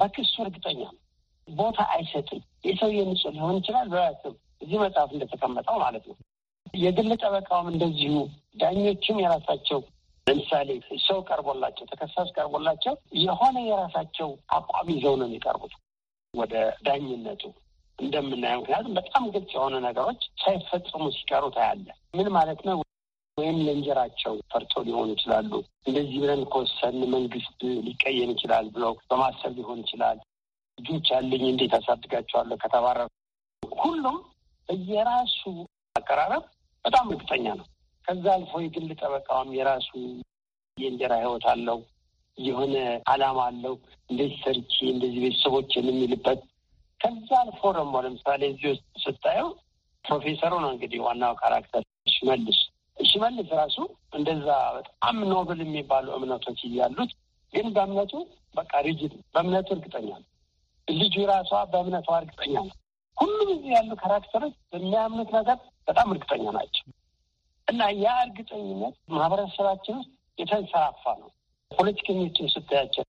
በክሱ እርግጠኛ ነው። ቦታ አይሰጥም። የሰውዬ ንጹህ ሊሆን ይችላል በያስብ እዚህ መጽሐፍ እንደተቀመጠው ማለት ነው። የግል ጠበቃውም እንደዚሁ፣ ዳኞችም የራሳቸው ለምሳሌ ሰው ቀርቦላቸው ተከሳሽ ቀርቦላቸው የሆነ የራሳቸው አቋም ይዘው ነው የሚቀርቡት ወደ ዳኝነቱ እንደምናየው። ምክንያቱም በጣም ግልጽ የሆነ ነገሮች ሳይፈጽሙ ሲቀሩ ታያለ። ምን ማለት ነው? ወይም ለእንጀራቸው ፈርቶ ሊሆኑ ይችላሉ። እንደዚህ ብለን ከወሰን መንግስት ሊቀየም ይችላል ብለው በማሰብ ሊሆን ይችላል። ልጆች አለኝ እንዴት አሳድጋቸዋለሁ ከተባረሩ ሁሉም የራሱ አቀራረብ በጣም እርግጠኛ ነው። ከዛ አልፎ የግል ጠበቃውም የራሱ የእንጀራ ህይወት አለው፣ የሆነ አላማ አለው። እንደዚህ ሰርቼ እንደዚህ ቤተሰቦች የምንልበት ከዛ አልፎ ደግሞ ለምሳሌ እዚህ ውስጥ ስታየው ፕሮፌሰሩ ነው እንግዲህ ዋናው ካራክተር ሽመልስ ሽመልስ ራሱ እንደዛ በጣም ኖብል የሚባሉ እምነቶች እያሉት ግን በእምነቱ በቃ ሪጅድ በእምነቱ እርግጠኛ ነው። ልጁ ራሷ በእምነቷ እርግጠኛ ነው። ሁሉም እዚህ ያሉ ካራክተሮች በሚያምኑት ነገር በጣም እርግጠኛ ናቸው እና ያ እርግጠኝነት ማህበረሰባችን ውስጥ የተንሰራፋ ነው። ፖለቲከኞችን ስታያቸው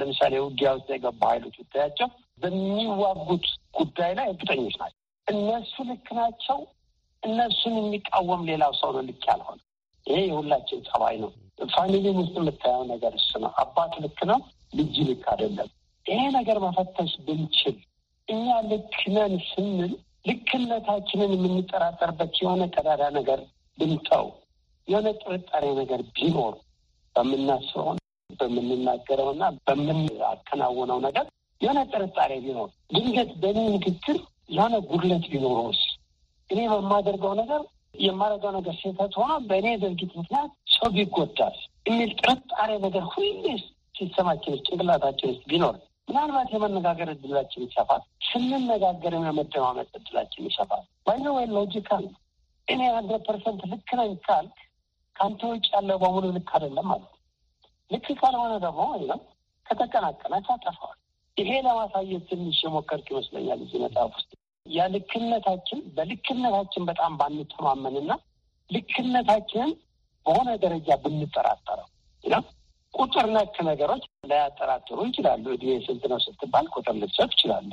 ለምሳሌ ውጊያ ውስጥ የገባ ኃይሎች ስታያቸው በሚዋጉት ጉዳይ ላይ እርግጠኞች ናቸው። እነሱ ልክ ናቸው እነሱን የሚቃወም ሌላው ሰው ነው ልክ ያልሆነ። ይሄ የሁላችን ጸባይ ነው። ፋሚሊ ውስጥ የምታየው ነገር እሱ ነው። አባት ልክ ነው፣ ልጅ ልክ አይደለም። ይሄ ነገር መፈተሽ ብንችል እኛ ልክ ነን ስንል ልክነታችንን የምንጠራጠርበት የሆነ ቀዳዳ ነገር ብንተው የሆነ ጥርጣሬ ነገር ቢኖር በምናስበው በምንናገረው በምናከናውነው ነገር የሆነ ጥርጣሬ ቢኖር ድንገት በእኔ ንግግር የሆነ ጉድለት ቢኖረውስ እኔ በማደርገው ነገር የማደርገው ነገር ስህተት ሆኖ በእኔ ድርጊት ምክንያት ሰው ቢጎዳል የሚል ጥርጣሬ ነገር ሁሌ ሲሰማችን ውስጥ ጭንቅላታችን ውስጥ ቢኖር ምናልባት የመነጋገር እድላችን ይሰፋል። ስንነጋገር የመደማመጥ እድላችን ይሰፋል። ባይዘ ወይ ሎጂካል እኔ አንድ ፐርሰንት ልክ ነኝ ካልክ ከአንተ ውጭ ያለው በሙሉ ልክ አይደለም ማለት ነው። ልክ ካልሆነ ደግሞ ወይም ከተቀናቀነ አጠፋዋል። ይሄ ለማሳየት ትንሽ የሞከርክ ይመስለኛል እዚህ መጽሐፍ ውስጥ የልክነታችን በልክነታችን በጣም ባንተማመንና ልክነታችንን በሆነ ደረጃ ብንጠራጠረው ቁጥር ነክ ነገሮች ላያጠራጥሩ ይችላሉ። እድሜ ስንት ነው ስትባል ቁጥር ልትሰጥ ይችላለ።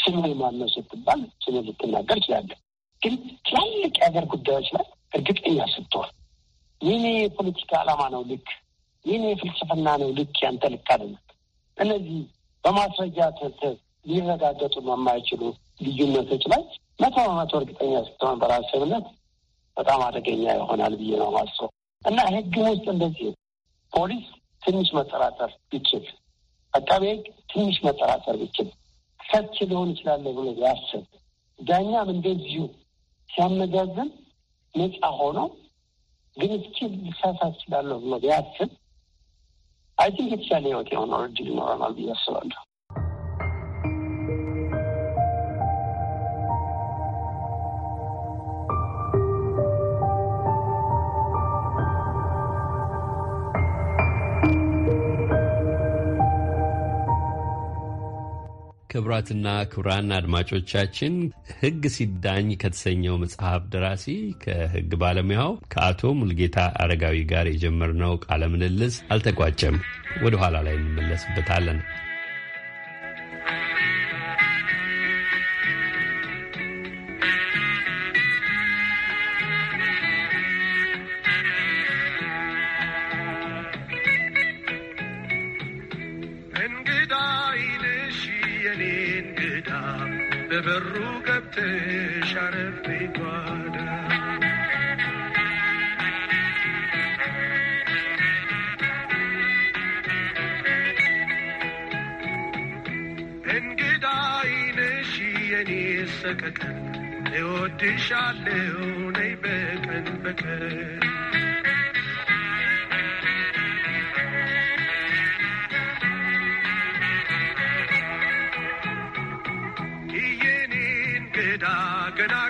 ስምህ ማን ነው ስትባል ስም ልትናገር ይችላለ። ግን ትላልቅ የሀገር ጉዳዮች ላይ እርግጠኛ ስትሆን ይህኔ የፖለቲካ ዓላማ ነው ልክ፣ ይህኔ የፍልስፍና ነው ልክ፣ ያንተ ልክ አይደለም። እነዚህ በማስረጃ ሊረጋገጡ የማይችሉ ልዩነቶች ላይ መቶ በመቶ እርግጠኛ ስትሆን በራስህ በጣም አደገኛ ይሆናል ብዬ ነው ማስበው እና ህግ ውስጥ እንደዚህ ፖሊስ ትንሽ መጠራጠር ቢችል፣ አቃቤ ህግ ትንሽ መጠራጠር ቢችል ሰች ሊሆን ይችላል ብሎ ያስብ፣ ዳኛም እንደዚሁ ሲያመዛዝን ነፃ ሆኖ ግን እስኪ ልሳሳት ይችላለሁ ብሎ ያስብ፣ አይ ቲንክ የተሻለ ህይወት የሆነ እድል ሊኖረናል ብዬ አስባለሁ። ክቡራትና ክቡራን አድማጮቻችን ሕግ ሲዳኝ ከተሰኘው መጽሐፍ ደራሲ ከሕግ ባለሙያው ከአቶ ሙልጌታ አረጋዊ ጋር የጀመርነው ቃለ ምልልስ አልተቋጨም። ወደ ኋላ ላይ እንመለስበታለን።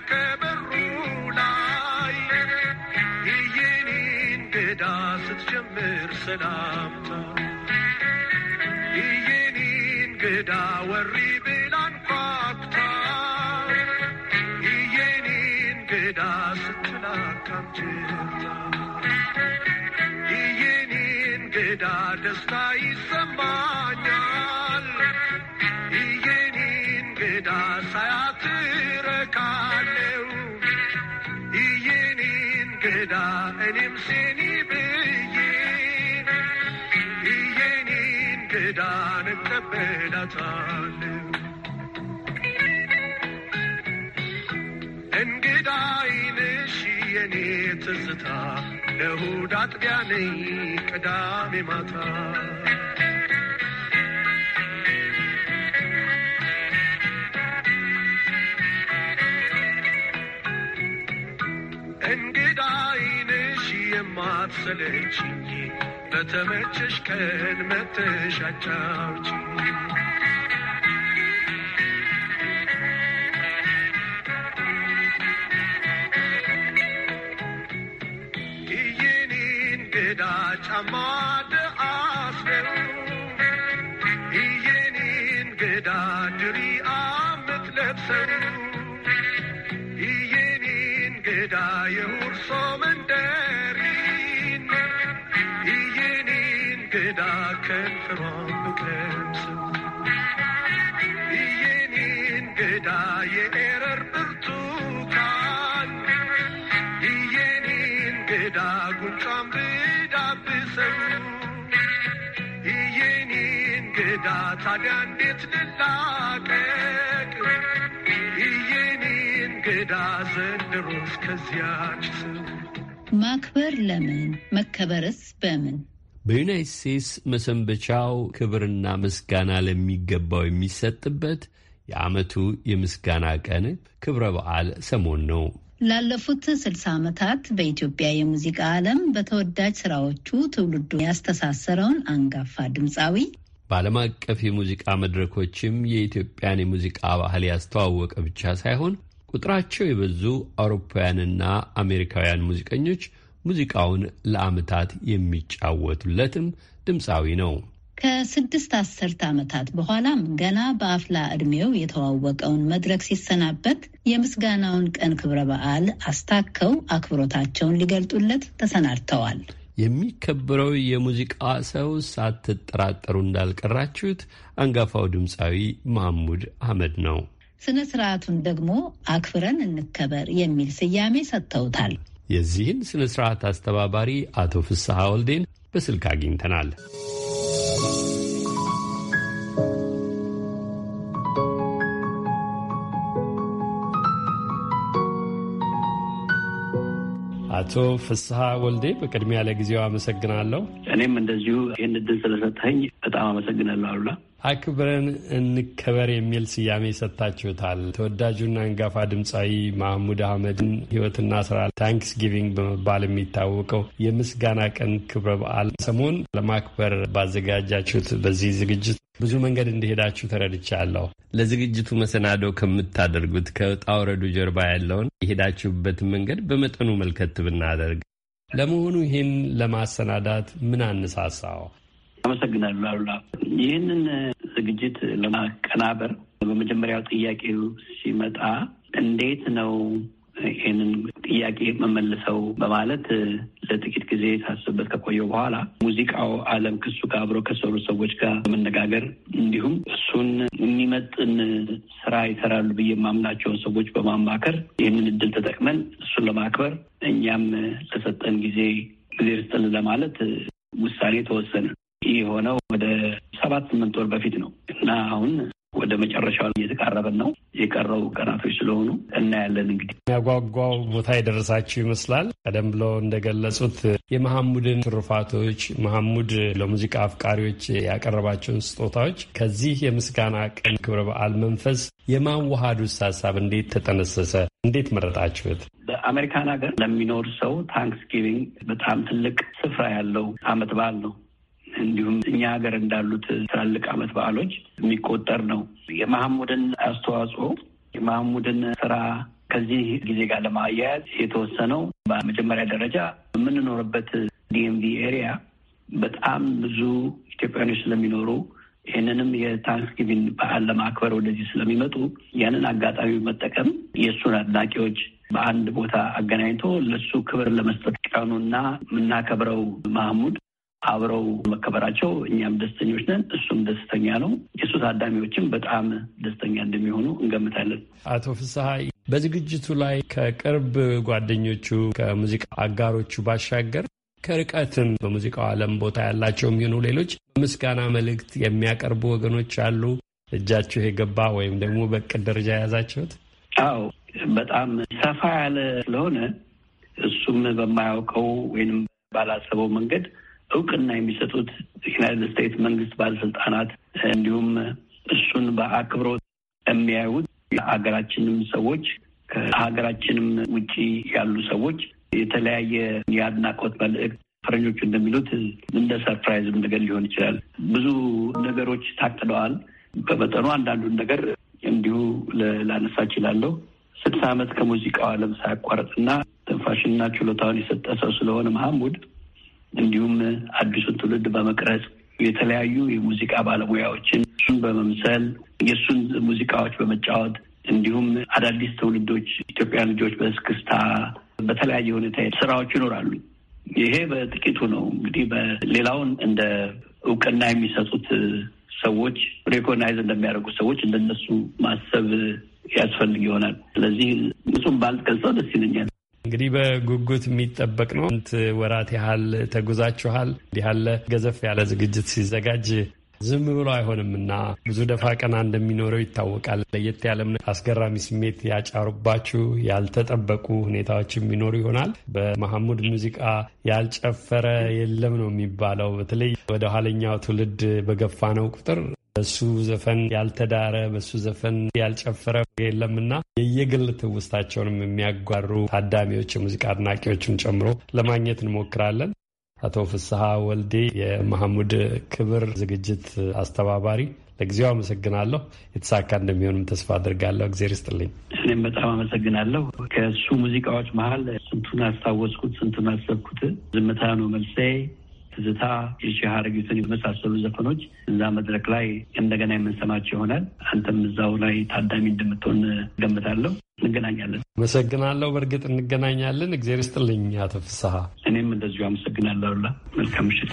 ከበሩ ላይ የኔ እንግዳ ስትጀምር ሰላምታ የኔ እንግዳ ወሪ ይመጣል እንግዳ አይንሽ የኔ ትዝታ ለእሑድ አጥቢያ ነይ ቅዳሜ ማታ እንግዳ በተመቸሽ ቀን መተሻጫዎች I'm on. እንግዳ ታዲያ እንዴት ልላቀቅ እንግዳ ዘንድሮ እስከዚያች ማክበር ለምን መከበርስ በምን በዩናይት ስቴትስ መሰንበቻው ክብርና ምስጋና ለሚገባው የሚሰጥበት የዓመቱ የምስጋና ቀን ክብረ በዓል ሰሞን ነው። ላለፉት ስልሳ ዓመታት በኢትዮጵያ የሙዚቃ ዓለም በተወዳጅ ስራዎቹ ትውልዱ ያስተሳሰረውን አንጋፋ ድምፃዊ በዓለም አቀፍ የሙዚቃ መድረኮችም የኢትዮጵያን የሙዚቃ ባህል ያስተዋወቀ ብቻ ሳይሆን ቁጥራቸው የበዙ አውሮፓውያንና አሜሪካውያን ሙዚቀኞች ሙዚቃውን ለዓመታት የሚጫወቱለትም ድምፃዊ ነው። ከስድስት አስርት ዓመታት በኋላም ገና በአፍላ ዕድሜው የተዋወቀውን መድረክ ሲሰናበት የምስጋናውን ቀን ክብረ በዓል አስታከው አክብሮታቸውን ሊገልጡለት ተሰናድተዋል። የሚከበረው የሙዚቃ ሰው ሳትጠራጠሩ እንዳልቀራችሁት አንጋፋው ድምፃዊ ማህሙድ አህመድ ነው። ስነ ስርዓቱን ደግሞ አክብረን እንከበር የሚል ስያሜ ሰጥተውታል። የዚህን ስነ ስርዓት አስተባባሪ አቶ ፍስሐ ወልዴን በስልክ አግኝተናል። አቶ ፍስሀ ወልዴ በቅድሚያ ለጊዜው አመሰግናለሁ። እኔም እንደዚሁ ይህን እድል ስለሰጠኝ በጣም አመሰግናለሁ አሉላ። አክብረን እንከበር የሚል ስያሜ ሰጥታችሁታል። ተወዳጁና አንጋፋ ድምፃዊ ማህሙድ አህመድን ህይወትና ስራ ታንክስ ጊቪንግ በመባል የሚታወቀው የምስጋና ቀን ክብረ በዓል ሰሞን ለማክበር ባዘጋጃችሁት በዚህ ዝግጅት ብዙ መንገድ እንደሄዳችሁ ተረድቻለሁ። ለዝግጅቱ መሰናዶ ከምታደርጉት ከውጣ ውረዱ ጀርባ ያለውን የሄዳችሁበትን መንገድ በመጠኑ መልከት ብናደርግ ለመሆኑ ይህን ለማሰናዳት ምን አነሳሳው? አመሰግናሉ አሉላ። ይህንን ዝግጅት ለማቀናበር በመጀመሪያው ጥያቄው ሲመጣ እንዴት ነው ይህንን ጥያቄ መመልሰው በማለት ለጥቂት ጊዜ ሳስበት ከቆየው በኋላ ሙዚቃው ዓለም ከሱ ጋር አብሮ ከሰሩ ሰዎች ጋር በመነጋገር እንዲሁም እሱን የሚመጥን ስራ ይሰራሉ ብዬ የማምናቸውን ሰዎች በማማከር ይህንን እድል ተጠቅመን እሱን ለማክበር እኛም ለሰጠን ጊዜ ጊዜ ርስጥን ለማለት ውሳኔ ተወሰነ። የሆነው ወደ ሰባት ስምንት ወር በፊት ነው እና አሁን ወደ መጨረሻው እየተቃረበን ነው። የቀረው ቀናቶች ስለሆኑ እናያለን። እንግዲህ የሚያጓጓው ቦታ የደረሳችሁ ይመስላል። ቀደም ብለው እንደገለጹት የመሐሙድን ትሩፋቶች መሐሙድ ለሙዚቃ አፍቃሪዎች ያቀረባቸውን ስጦታዎች ከዚህ የምስጋና ቀን ክብረ በዓል መንፈስ የማዋሃዱስ ሀሳብ እንዴት ተጠነሰሰ? እንዴት መረጣችሁት? በአሜሪካን ሀገር ለሚኖር ሰው ታንክስጊቪንግ በጣም ትልቅ ስፍራ ያለው አመት በዓል ነው። እንዲሁም እኛ ሀገር እንዳሉት ትላልቅ ዓመት በዓሎች የሚቆጠር ነው። የማህሙድን አስተዋጽኦ የማህሙድን ስራ ከዚህ ጊዜ ጋር ለማያያዝ የተወሰነው በመጀመሪያ ደረጃ የምንኖርበት ዲኤምቪ ኤሪያ በጣም ብዙ ኢትዮጵያኖች ስለሚኖሩ ይህንንም የታንክስጊቪን በዓል ለማክበር ወደዚህ ስለሚመጡ ያንን አጋጣሚ መጠቀም የእሱን አድናቂዎች በአንድ ቦታ አገናኝቶ ለሱ ክብር ለመስጠት ቀኑና የምናከብረው ማህሙድ አብረው መከበራቸው እኛም ደስተኞች ነን፣ እሱም ደስተኛ ነው። የእሱ ታዳሚዎችም በጣም ደስተኛ እንደሚሆኑ እንገምታለን። አቶ ፍስሀ በዝግጅቱ ላይ ከቅርብ ጓደኞቹ ከሙዚቃ አጋሮቹ ባሻገር ከርቀትም በሙዚቃው ዓለም ቦታ ያላቸው የሚሆኑ ሌሎች ምስጋና መልእክት የሚያቀርቡ ወገኖች አሉ። እጃችሁ የገባ ወይም ደግሞ በቅድ ደረጃ የያዛችሁት? አዎ፣ በጣም ሰፋ ያለ ስለሆነ እሱም በማያውቀው ወይም ባላሰበው መንገድ እውቅና የሚሰጡት ዩናይትድ ስቴትስ መንግስት ባለስልጣናት እንዲሁም እሱን በአክብሮት የሚያዩት የሀገራችንም ሰዎች ከሀገራችንም ውጪ ያሉ ሰዎች የተለያየ የአድናቆት መልእክት ፈረኞቹ እንደሚሉት እንደ ሰርፕራይዝ ነገር ሊሆን ይችላል። ብዙ ነገሮች ታቅደዋል። በመጠኑ አንዳንዱን ነገር እንዲሁ ላነሳ እችላለሁ። ስልሳ ዓመት ከሙዚቃው ዓለም ሳያቋረጥና ትንፋሽና ችሎታውን የሰጠ ሰው ስለሆነ መሐሙድ እንዲሁም አዲሱን ትውልድ በመቅረጽ የተለያዩ የሙዚቃ ባለሙያዎችን እሱን በመምሰል የእሱን ሙዚቃዎች በመጫወት እንዲሁም አዳዲስ ትውልዶች ኢትዮጵያ ልጆች በእስክስታ በተለያየ ሁኔታ ስራዎች ይኖራሉ። ይሄ በጥቂቱ ነው እንግዲህ በሌላውን እንደ እውቅና የሚሰጡት ሰዎች ሬኮግናይዝ እንደሚያደርጉት ሰዎች እንደነሱ ማሰብ ያስፈልግ ይሆናል። ስለዚህ ብዙም ባልገልጸው ደስ ይለኛል። እንግዲህ በጉጉት የሚጠበቅ ነው። እንት ወራት ያህል ተጉዛችኋል። እንዲህ ያለ ገዘፍ ያለ ዝግጅት ሲዘጋጅ ዝም ብሎ አይሆንም እና ብዙ ደፋ ቀና እንደሚኖረው ይታወቃል። ለየት ያለም አስገራሚ ስሜት ያጫሩባችሁ ያልተጠበቁ ሁኔታዎች የሚኖሩ ይሆናል። በመሐሙድ ሙዚቃ ያልጨፈረ የለም ነው የሚባለው። በተለይ ወደ ኋለኛው ትውልድ በገፋ ነው ቁጥር በሱ ዘፈን ያልተዳረ በሱ ዘፈን ያልጨፈረ የለምና የየግል ትውስታቸውንም የሚያጓሩ ታዳሚዎች የሙዚቃ አድናቂዎችን ጨምሮ ለማግኘት እንሞክራለን። አቶ ፍስሐ ወልዴ የማህሙድ ክብር ዝግጅት አስተባባሪ፣ ለጊዜው አመሰግናለሁ። የተሳካ እንደሚሆንም ተስፋ አድርጋለሁ። እግዜር ይስጥልኝ። እኔም በጣም አመሰግናለሁ። ከሱ ሙዚቃዎች መሀል ስንቱን አስታወስኩት፣ ስንቱን አሰብኩት፣ ዝምታ ነው መልሴ ትዝታ፣ የሺ የመሳሰሉ ዘፈኖች እዛ መድረክ ላይ እንደገና የምንሰማቸው ይሆናል። አንተም እዛው ላይ ታዳሚ እንደምትሆን ገምታለሁ። እንገናኛለን። አመሰግናለሁ። በእርግጥ እንገናኛለን። እግዜር ስጥልኝ አቶ እኔም እንደዚሁ አመሰግናለሁ። አሉላ መልካም ምሽት።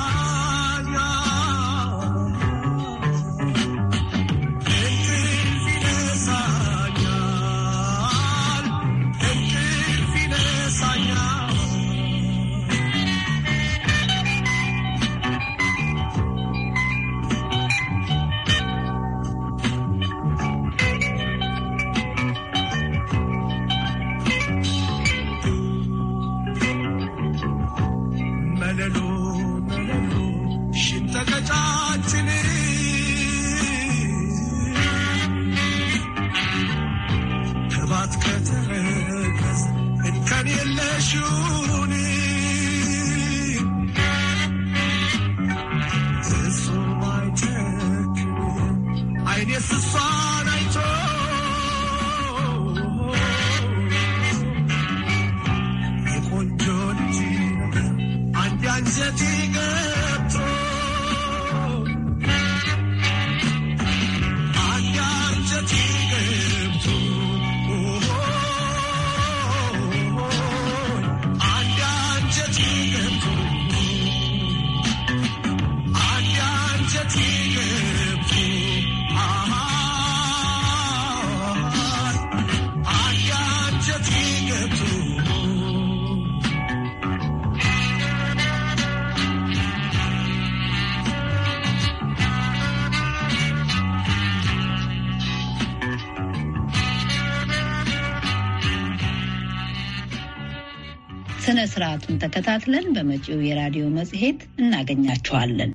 ስርዓቱን ተከታትለን በመጪው የራዲዮ መጽሔት እናገኛችኋለን።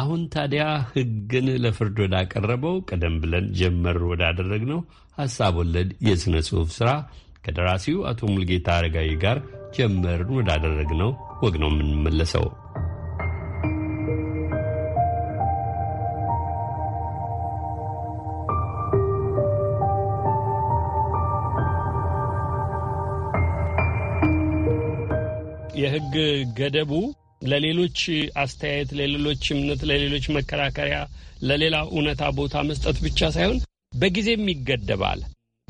አሁን ታዲያ ህግን ለፍርድ ወዳቀረበው ቀደም ብለን ጀመር ነው ሀሳብ ወለድ የሥነ ጽሑፍ ሥራ ከደራሲው አቶ ሙልጌታ አረጋዊ ጋር ጀመርን ወዳደረግነው ወግ ነው የምንመለሰው። የህግ ገደቡ ለሌሎች አስተያየት፣ ለሌሎች እምነት፣ ለሌሎች መከራከሪያ፣ ለሌላ እውነታ ቦታ መስጠት ብቻ ሳይሆን በጊዜም ይገደባል።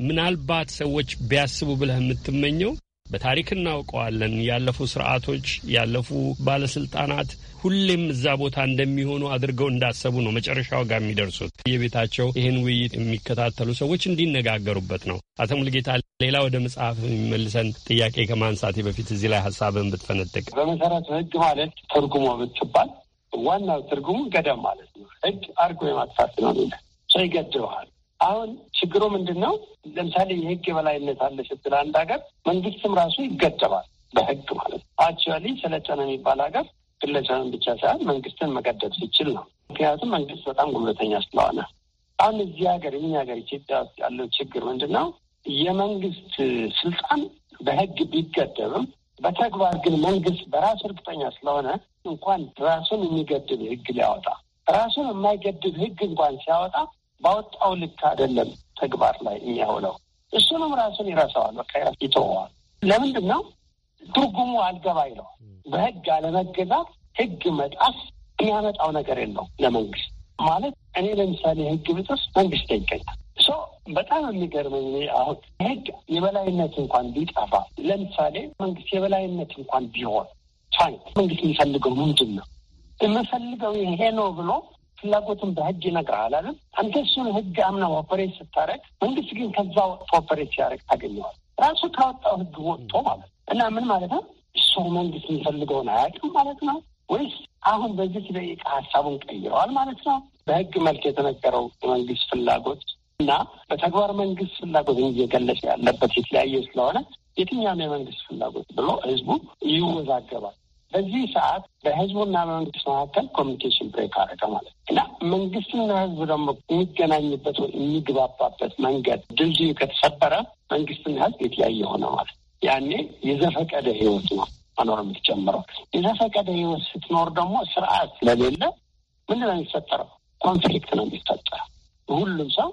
ምናልባት ሰዎች ቢያስቡ ብለህ የምትመኘው በታሪክ እናውቀዋለን። ያለፉ ስርዓቶች፣ ያለፉ ባለስልጣናት ሁሌም እዛ ቦታ እንደሚሆኑ አድርገው እንዳሰቡ ነው መጨረሻው ጋር የሚደርሱት። የቤታቸው ይህን ውይይት የሚከታተሉ ሰዎች እንዲነጋገሩበት ነው። አቶ ሙልጌታ፣ ሌላ ወደ መጽሐፍ የሚመልሰን ጥያቄ ከማንሳቴ በፊት እዚህ ላይ ሀሳብን ብትፈነጥቅ። በመሰረቱ ህግ ማለት ትርጉሞ ብትባል ዋናው ትርጉሙ ገደብ ማለት ነው። ህግ አርጎ የማጥፋት ነው። ሰው ይገድበዋል አሁን ችግሩ ምንድን ነው? ለምሳሌ የህግ የበላይነት አለ ስትል አንድ ሀገር መንግስትም ራሱ ይገደባል በህግ ማለት ነው። አክቹዋሊ ሰለጠነ የሚባል ሀገር ግለሰብን ብቻ ሳይሆን መንግስትን መገደብ ሲችል ነው። ምክንያቱም መንግስት በጣም ጉልበተኛ ስለሆነ አሁን እዚህ ሀገር የኛ ሀገር ኢትዮጵያ ውስጥ ያለው ችግር ምንድን ነው? የመንግስት ስልጣን በህግ ቢገደብም በተግባር ግን መንግስት በራሱ እርግጠኛ ስለሆነ እንኳን ራሱን የሚገድብ ህግ ሊያወጣ ራሱን የማይገድብ ህግ እንኳን ሲያወጣ ባወጣው ልክ አይደለም ተግባር ላይ የሚያውለው። እሱንም ራሱን ይረሳዋል፣ በቃ ይተወዋል። ለምንድን ነው ትርጉሙ አልገባ ይለዋል። በህግ አለመገዛት ህግ መጣስ የሚያመጣው ነገር የለው ለመንግስት ማለት እኔ ለምሳሌ ህግ ብጥስ መንግስት ይገኛል። በጣም የሚገርመኝ አሁን ህግ የበላይነት እንኳን ቢጠፋ ለምሳሌ መንግስት የበላይነት እንኳን ቢሆን ፋይት መንግስት የሚፈልገው ምንድን ነው? የምፈልገው ይሄ ነው ብሎ ፍላጎቱን በህግ ይነግራል አለም አንተ እሱን ህግ አምና ኦፐሬት ስታደረግ መንግስት ግን ከዛ ኦፐሬት ሲያደረግ ታገኘዋል ራሱ ካወጣው ህግ ወጥቶ ማለት ነው እና ምን ማለት ነው እሱ መንግስት የሚፈልገውን አያውቅም ማለት ነው ወይስ አሁን በዚህ ደቂቃ ሀሳቡን ቀይረዋል ማለት ነው በህግ መልክ የተነገረው የመንግስት ፍላጎት እና በተግባር መንግስት ፍላጎት እየገለጸ ያለበት የተለያየ ስለሆነ የትኛውም የመንግስት ፍላጎት ብሎ ህዝቡ ይወዛገባል በዚህ ሰዓት በህዝቡና በመንግስት መካከል ኮሚኒኬሽን ብሬክ አረገ ማለት ነው እና መንግስትና ህዝቡ ደግሞ የሚገናኝበት ወይ የሚግባባበት መንገድ ድልድዩ ከተሰበረ መንግስትና ህዝብ የተለያየ ሆነ ማለት ያኔ የዘፈቀደ ህይወት ነው መኖር የምትጀምረው። የዘፈቀደ ህይወት ስትኖር ደግሞ ስርዓት ስለሌለ ምንድን ነው የሚፈጠረው? ኮንፍሊክት ነው የሚፈጠረው። ሁሉም ሰው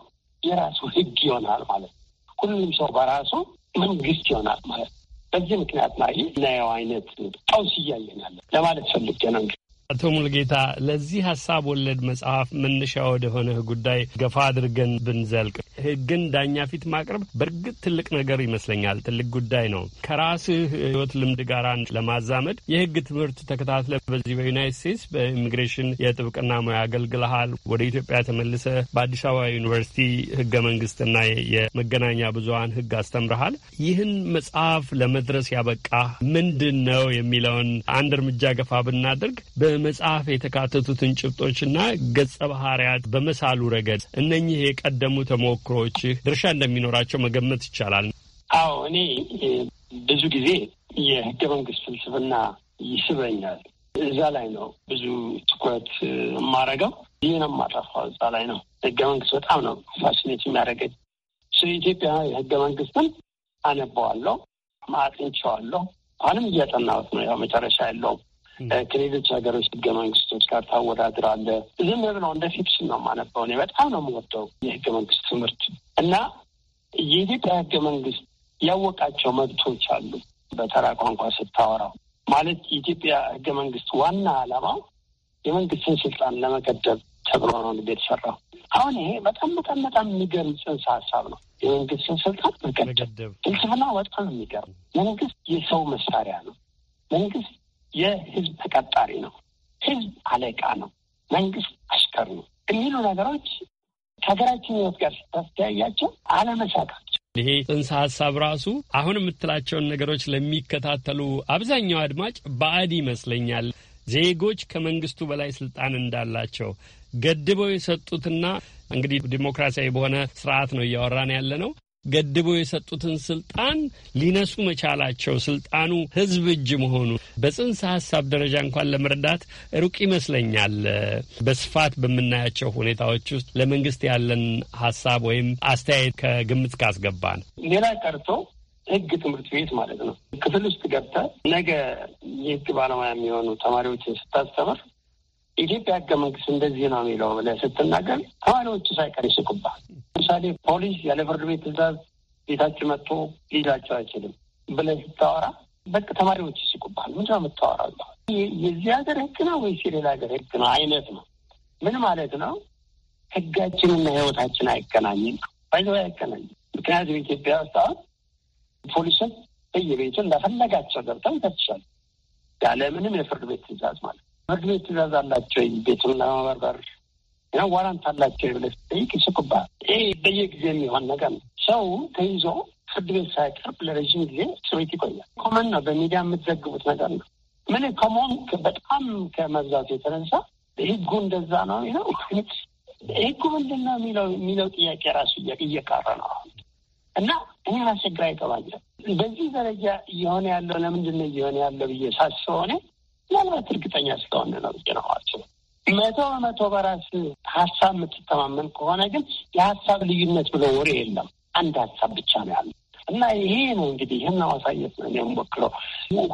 የራሱ ህግ ይሆናል ማለት ነው። ሁሉም ሰው በራሱ መንግስት ይሆናል ማለት ነው። በዚህ ምክንያት ላይ ናየው አይነት ቀውስ እያየናለን ለማለት ፈልጌ ነው። አቶ ሙልጌታ ለዚህ ሀሳብ ወለድ መጽሐፍ መነሻ ሆነህ ጉዳይ ገፋ አድርገን ብንዘልቅ ህግን ዳኛ ፊት ማቅረብ በእርግጥ ትልቅ ነገር ይመስለኛል። ትልቅ ጉዳይ ነው። ከራስህ ህይወት ልምድ ጋር ለማዛመድ የህግ ትምህርት ተከታትለ በዚህ በዩናይት ስቴትስ በኢሚግሬሽን የጥብቅና ሙያ አገልግልሃል። ወደ ኢትዮጵያ ተመልሰ በአዲስ አበባ ዩኒቨርሲቲ ህገ መንግስትና የመገናኛ ብዙሀን ህግ አስተምረሃል። ይህን መጽሐፍ ለመድረስ ያበቃ ምንድን ነው የሚለውን አንድ እርምጃ ገፋ ብናደርግ በመጽሐፍ የተካተቱትን ጭብጦችና ገጸ ባህርያት በመሳሉ ረገድ እነኚህ የቀደሙ ተሞክሮዎችህ ድርሻ እንደሚኖራቸው መገመት ይቻላል። አዎ፣ እኔ ብዙ ጊዜ የህገ መንግስት ፍልስፍና ይስበኛል። እዛ ላይ ነው ብዙ ትኩረት የማረገው። ይህ ነው የማጠፋው እዛ ላይ ነው። ህገ መንግስት በጣም ነው ፋሲኔት የሚያደርገኝ። ስለ ኢትዮጵያ የህገ መንግስትን አነበዋለሁ፣ አጥንቼዋለሁ። አሁንም እያጠናሁት ነው። ያው መጨረሻ የለውም ከሌሎች ሀገሮች ህገ መንግስቶች ጋር ታወዳድራለህ። ዝም ብለው እንደ ፊክሽን ነው የማነበው። እኔ በጣም ነው የምወደው የህገ መንግስት ትምህርት እና የኢትዮጵያ ህገ መንግስት ያወቃቸው መብቶች አሉ። በተራ ቋንቋ ስታወራው ማለት የኢትዮጵያ ህገ መንግስት ዋና አላማው የመንግስትን ስልጣን ለመገደብ ተብሎ ነው የተሰራው። አሁን ይሄ በጣም በጣም በጣም የሚገርም ጽንሰ ሀሳብ ነው። የመንግስትን ስልጣን መገደብ ፍልስፍና በጣም የሚገርም መንግስት የሰው መሳሪያ ነው። መንግስት የህዝብ ተቀጣሪ ነው፣ ህዝብ አለቃ ነው፣ መንግስት አሽከር ነው የሚሉ ነገሮች ከሀገራችን ህይወት ጋር ስታስተያያቸው አለመሳካቸው ይሄ ጽንሰ ሀሳብ ራሱ አሁን የምትላቸውን ነገሮች ለሚከታተሉ አብዛኛው አድማጭ ባዕድ ይመስለኛል። ዜጎች ከመንግስቱ በላይ ስልጣን እንዳላቸው ገድበው የሰጡትና እንግዲህ ዲሞክራሲያዊ በሆነ ስርዓት ነው እያወራን ያለ ነው ገድበው የሰጡትን ስልጣን ሊነሱ መቻላቸው ስልጣኑ ህዝብ እጅ መሆኑ በጽንሰ ሀሳብ ደረጃ እንኳን ለመረዳት ሩቅ ይመስለኛል። በስፋት በምናያቸው ሁኔታዎች ውስጥ ለመንግስት ያለን ሀሳብ ወይም አስተያየት ከግምት ካስገባን ሌላ ቀርቶ ህግ ትምህርት ቤት ማለት ነው። ክፍል ውስጥ ገብተህ ነገ የህግ ባለሙያ የሚሆኑ ተማሪዎችን ስታስተምር ኢትዮጵያ ህገ መንግስት እንደዚህ ነው የሚለው ብለህ ስትናገር ተማሪዎቹ ሳይቀር ይስቁባል። ለምሳሌ ፖሊስ ያለ ፍርድ ቤት ትእዛዝ ቤታች መጥቶ ሊይዛቸው አይችልም ብለህ ስታወራ በቃ ተማሪዎች ይስቁባል። ምንድን ነው የምታወራው? የዚህ ሀገር ህግ ነው ወይስ የሌላ ሀገር ህግ ነው አይነት ነው። ምን ማለት ነው? ህጋችንና ህይወታችን አይገናኝም፣ ባይዘ አይገናኝም። ምክንያቱም ኢትዮጵያ ውስጥ አሁን ፖሊስን በየቤቱ እንዳፈለጋቸው ገብተው ይፈትሻል፣ ያለምንም የፍርድ ቤት ትእዛዝ ማለት ፍርድ ቤት ትእዛዝ አላቸው ቤቱን ለመበርበር እና ዋራንት አላቸው ብለህ ስትጠይቅ ይስቁብሃል። ይህ በየጊዜ የሚሆን ነገር ነው። ሰው ተይዞ ፍርድ ቤት ሳይቀርብ ለረዥም ጊዜ እስር ቤት ይቆያል። ኮመን ነው። በሚዲያ የምትዘግቡት ነገር ነው። ምን ከመሆን በጣም ከመብዛቱ የተነሳ ህጉ እንደዛ ነው ነው ህጉ ምንድን ነው የሚለው የሚለው ጥያቄ ራሱ እየቀረ ነው እና እኔ አስቸግራ ይቀባኛል። በዚህ ደረጃ እየሆነ ያለው ለምንድን ነው እየሆነ ያለው ብዬ ሳስበው እኔ ምናልባት እርግጠኛ ስለሆነ ነው ዜናዋችን መቶ በመቶ በራስ ሀሳብ የምትተማመን ከሆነ ግን የሀሳብ ልዩነት ብሎ ወሬ የለም። አንድ ሀሳብ ብቻ ነው ያለ እና ይሄ ነው እንግዲህ ይህን ለማሳየት ነው የምሞክረው።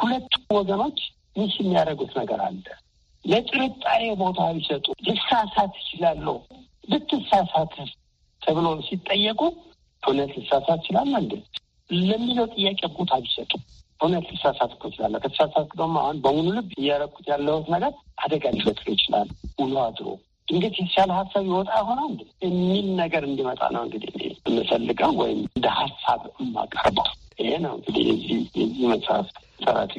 ሁለቱ ወገኖች ምስ የሚያደርጉት ነገር አለ። ለጥርጣሬ ቦታ ቢሰጡ ልሳሳት ይችላለሁ ልትሳሳት ተብሎ ሲጠየቁ እውነት ልሳሳት ይችላል እንዴ ለሚለው ጥያቄ ቦታ ቢሰጡ ሆነ ልሳሳትኩ እችላለሁ። ከተሳሳትኩ ደግሞ አሁን በሙሉ ልብ እያረኩት ያለሁት ነገር አደጋ ሊፈጥር ይችላል ውሎ አድሮ እንዴት የተሻለ ሀሳብ ይወጣ ይሆናል የሚል ነገር እንዲመጣ ነው እንግዲህ የምፈልገው ወይም እንደ ሀሳብ የማቀርበው ይሄ ነው እንግዲህ የዚህ የዚህ መጽሐፍ ሰራት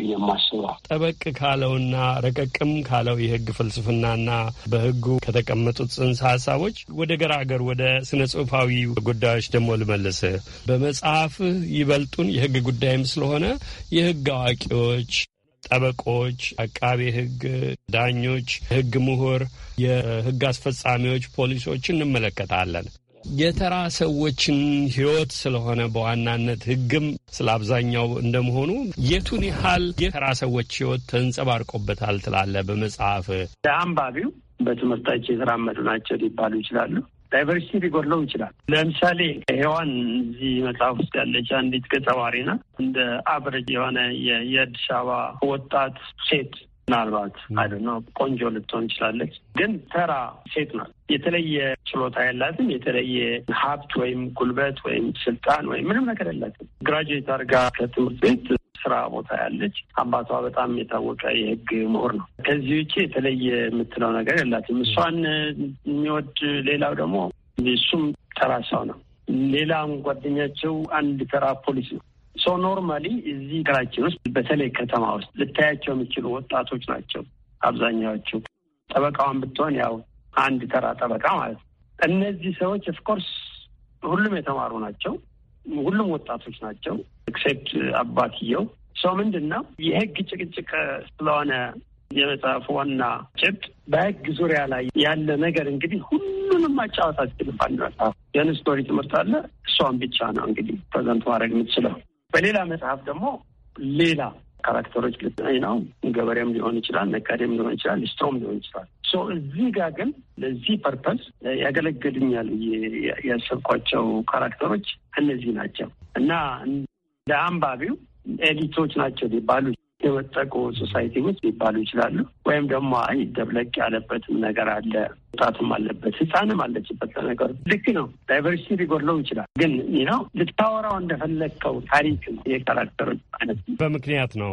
ጠበቅ ካለውና ረቀቅም ካለው የህግ ፍልስፍናና በህጉ ከተቀመጡት ጽንሰ ሀሳቦች ወደ ገራገር ወደ ስነ ጽሁፋዊ ጉዳዮች ደግሞ ልመልስህ። በመጽሐፍህ ይበልጡን የህግ ጉዳይም ስለሆነ የህግ አዋቂዎች ጠበቆች፣ አቃቤ ሕግ፣ ዳኞች፣ ሕግ ምሁር፣ የሕግ አስፈጻሚዎች፣ ፖሊሶች እንመለከታለን። የተራ ሰዎችን ህይወት ስለሆነ በዋናነት ህግም ስለ አብዛኛው እንደመሆኑ የቱን ያህል የተራ ሰዎች ህይወት ተንጸባርቆበታል ትላለ በመጽሐፍ ለአንባቢው በትምህርታቸው የተራመዱ ናቸው ሊባሉ ይችላሉ። ዳይቨርሲቲ ሊጎድለው ይችላል። ለምሳሌ ሔዋን እዚህ መጽሐፍ ውስጥ ያለች አንዲት ገጸ ባህሪ ናት። እንደ አብረጅ የሆነ የአዲስ አበባ ወጣት ሴት ምናልባት አይደ ነው ቆንጆ ልትሆን ይችላለች፣ ግን ተራ ሴት ናት። የተለየ ችሎታ የላትም። የተለየ ሀብት ወይም ጉልበት ወይም ስልጣን ወይም ምንም ነገር የላትም። ግራጁዌት አድርጋ ከትምህርት ቤት ስራ ቦታ ያለች አባቷ በጣም የታወቀ የህግ ምሁር ነው። ከዚህ ውጭ የተለየ የምትለው ነገር የላትም። እሷን የሚወድ ሌላው ደግሞ እሱም ተራ ሰው ነው። ሌላም ጓደኛቸው አንድ ተራ ፖሊስ ነው። ሶ ኖርማሊ እዚህ ሀገራችን ውስጥ በተለይ ከተማ ውስጥ ልታያቸው የሚችሉ ወጣቶች ናቸው አብዛኛዎቹ። ጠበቃዋን ብትሆን ያው አንድ ተራ ጠበቃ ማለት ነው። እነዚህ ሰዎች ኦፍኮርስ ሁሉም የተማሩ ናቸው። ሁሉም ወጣቶች ናቸው። ኤክሴፕት አባትየው ሰው ምንድን ነው የህግ ጭቅጭቅ ስለሆነ የመጽሐፍ ዋና ጭብጥ በህግ ዙሪያ ላይ ያለ ነገር እንግዲህ ሁሉንም ማጫወት አትችልም። አንድ መጽሐፍ የን ስቶሪ ትምህርት አለ። እሷን ብቻ ነው እንግዲህ ፕሬዘንት ማድረግ የምትችለው። በሌላ መጽሐፍ ደግሞ ሌላ ካራክተሮች ነው። ገበሬም ሊሆን ይችላል፣ ነጋዴም ሊሆን ይችላል፣ ሊስትሮም ሊሆን ይችላል። ሶ እዚህ ጋር ግን ለዚህ ፐርፐስ ያገለግልኛል ያሰብኳቸው ካራክተሮች እነዚህ ናቸው እና ለአንባቢው ኤዲቶች ናቸው ሊባሉ የወጠቁ ሶሳይቲ ውስጥ ሊባሉ ይችላሉ። ወይም ደግሞ አይ ደብለቅ ያለበትም ነገር አለ ወጣትም አለበት፣ ህፃንም አለችበት። ለነገሩ ልክ ነው። ዳይቨርሲቲ ሊጎድለው ይችላል። ግን ነው ልታወራው እንደፈለግከው ታሪክ ነው። የካራክተሮች አይነት በምክንያት ነው።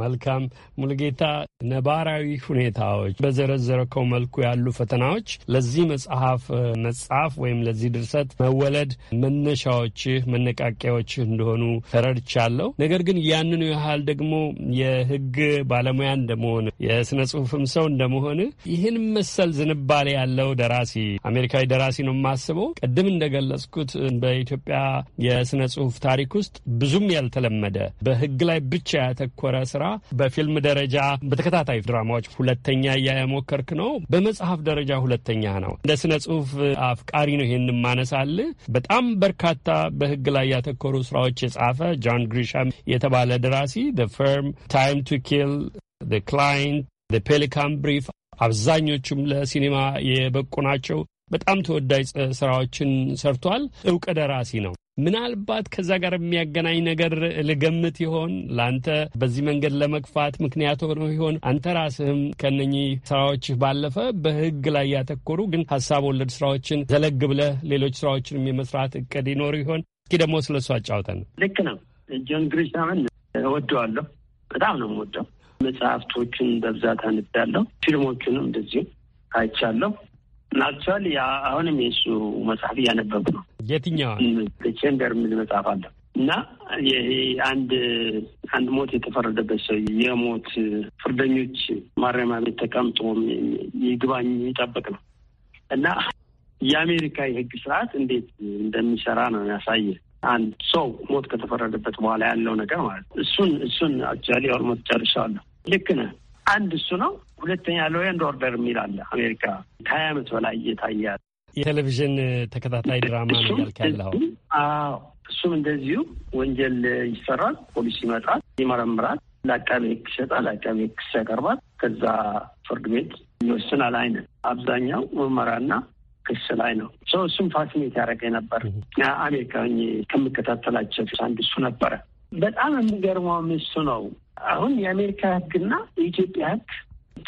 መልካም ሙልጌታ፣ ነባራዊ ሁኔታዎች በዘረዘረከው መልኩ ያሉ ፈተናዎች ለዚህ መጽሐፍ መጽሐፍ ወይም ለዚህ ድርሰት መወለድ መነሻዎችህ መነቃቂያዎችህ እንደሆኑ ተረድቻለሁ። ነገር ግን ያንኑ ያህል ደግሞ የህግ ባለሙያ እንደመሆን የስነ ጽሁፍም ሰው እንደመሆን ይህን መሰል ዝንባ ምሳሌ ያለው ደራሲ አሜሪካዊ ደራሲ ነው የማስበው። ቅድም እንደገለጽኩት በኢትዮጵያ የስነ ጽሁፍ ታሪክ ውስጥ ብዙም ያልተለመደ በህግ ላይ ብቻ ያተኮረ ስራ በፊልም ደረጃ በተከታታይ ድራማዎች ሁለተኛ እያየሞከርክ ነው። በመጽሐፍ ደረጃ ሁለተኛ ነው። እንደ ስነ ጽሁፍ አፍቃሪ ነው ይሄን ማነሳል። በጣም በርካታ በህግ ላይ ያተኮሩ ስራዎች የጻፈ ጆን ግሪሻም የተባለ ደራሲ ዘ ፈርም፣ ታይም ቱ ኪል፣ ክላይንት፣ ፔሊካን ብሪፍ አብዛኞቹም ለሲኔማ የበቁ ናቸው። በጣም ተወዳጅ ስራዎችን ሰርቷል። እውቅ ደራሲ ነው። ምናልባት ከዛ ጋር የሚያገናኝ ነገር ልገምት ይሆን? ለአንተ በዚህ መንገድ ለመግፋት ምክንያት ሆኖ ይሆን? አንተ ራስህም ከነኚህ ስራዎችህ ባለፈ በህግ ላይ ያተኮሩ ግን ሀሳብ ወለድ ስራዎችን ዘለግ ብለህ ሌሎች ስራዎችንም የመስራት እቅድ ይኖር ይሆን? እስኪ ደግሞ ስለ እሱ አጫውተን። ልክ ነው። ጆን ግሪሽ እወደዋለሁ። በጣም ነው የምወደው መጽሐፍቶቹን በብዛት አንብቤያለሁ። ፊልሞቹንም እንደዚሁ አይቻለሁ። ናቸዋል አሁንም የእሱ መጽሐፍ እያነበብኩ ነው። የትኛው ቼምበር የሚል መጽሐፍ አለ እና ይሄ አንድ አንድ ሞት የተፈረደበት ሰው የሞት ፍርደኞች ማረሚያ ቤት ተቀምጦ ይግባኝ ይጠብቅ ነው እና የአሜሪካ የህግ ስርዓት እንዴት እንደሚሰራ ነው ያሳየ። አንድ ሰው ሞት ከተፈረደበት በኋላ ያለው ነገር ማለት እሱን እሱን አክቹዋሊ ኦልሞስት ጨርሻለሁ። ልክ ነህ። አንድ እሱ ነው። ሁለተኛ ሎው ኤንድ ኦርደር የሚል አለ አሜሪካ ከሀያ ዓመት በላይ እየታየ የቴሌቪዥን ተከታታይ ድራማ ነው ያለው። አዎ እሱም እንደዚሁ ወንጀል ይሰራል። ፖሊስ ይመጣል፣ ይመረምራል፣ ለአቃቤ ሕግ ይሰጣል። ለአቃቤ ሕግ ያቀርባል። ከዛ ፍርድ ቤት ይወስናል። አይነት አብዛኛው ምርመራና ክስ ላይ ነው። ሰው እሱም ፋሲኔት ያደረገ ነበር። አሜሪካ ከምከታተላቸው አንድ እሱ ነበረ። በጣም የሚገርመው እሱ ነው። አሁን የአሜሪካ ህግና የኢትዮጵያ ህግ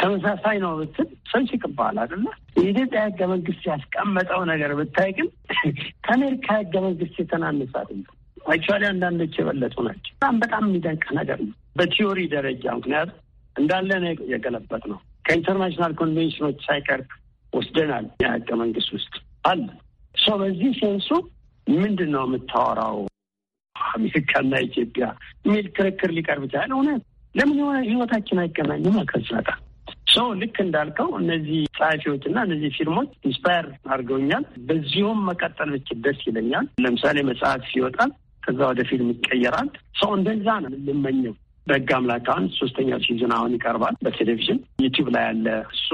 ተመሳሳይ ነው ብትል ሰንች ይስቅብሃል አደለ የኢትዮጵያ ህገ መንግስት ያስቀመጠው ነገር ብታይ ግን ከአሜሪካ ህገ መንግስት የተናነሰ አይደለም። አክቹዋሊ አንዳንዶች የበለጡ ናቸው። በጣም በጣም የሚደንቅ ነገር ነው በቲዮሪ ደረጃ ምክንያቱም እንዳለ ነው የገለበጥ ነው። ከኢንተርናሽናል ኮንቬንሽኖች ሳይቀር ወስደናል። የህገ መንግስት ውስጥ አለ ሰው በዚህ ሴንሱ ምንድን ነው የምታወራው አሜሪካና ኢትዮጵያ የሚል ክርክር ሊቀርብ ይችላል። እውነት ለምን የሆነ ህይወታችን አይገናኝም? ከስለታ ሰው ልክ እንዳልከው እነዚህ ጸሐፊዎች እና እነዚህ ፊልሞች ኢንስፓየር አድርገውኛል። በዚሁም መቀጠል ብችል ደስ ይለኛል። ለምሳሌ መጽሐፍ ይወጣል፣ ከዛ ወደ ፊልም ይቀየራል። ሰው እንደዛ ነው ልመኘው። በህግ አምላክ አሁን ሶስተኛው ሲዝን አሁን ይቀርባል በቴሌቪዥን ዩቲዩብ ላይ ያለ እሱ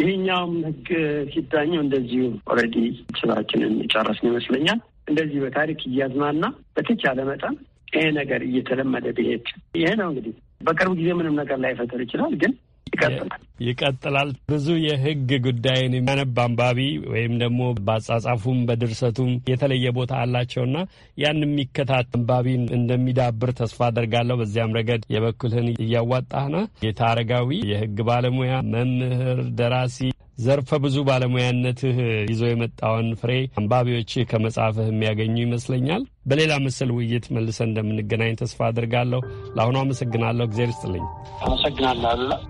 ይሄኛውም ህግ ሲዳኘው እንደዚሁ ኦልሬዲ ስራችንን የጨረስን ይመስለኛል። እንደዚህ በታሪክ እያዝናና በተቻለ መጠን ይሄ ነገር እየተለመደ ብሄድ ይሄ ነው እንግዲህ በቅርብ ጊዜ ምንም ነገር ላይፈጠር ይችላል ግን ይቀጥላል። ይቀጥላል። ብዙ የህግ ጉዳይን የሚያነብ አንባቢ ወይም ደግሞ በአጻጻፉም በድርሰቱም የተለየ ቦታ አላቸውና ያን የሚከታተል አንባቢ እንደሚዳብር ተስፋ አደርጋለሁ። በዚያም ረገድ የበኩልህን እያዋጣህና ጌታ አረጋዊ የህግ ባለሙያ መምህር፣ ደራሲ ዘርፈ ብዙ ባለሙያነትህ ይዞ የመጣውን ፍሬ አንባቢዎችህ ከመጽሐፍህ የሚያገኙ ይመስለኛል። በሌላ ምስል ውይይት መልሰን እንደምንገናኝ ተስፋ አድርጋለሁ። ለአሁኑ አመሰግናለሁ። እግዜር ይስጥልኝ። አመሰግናለሁ።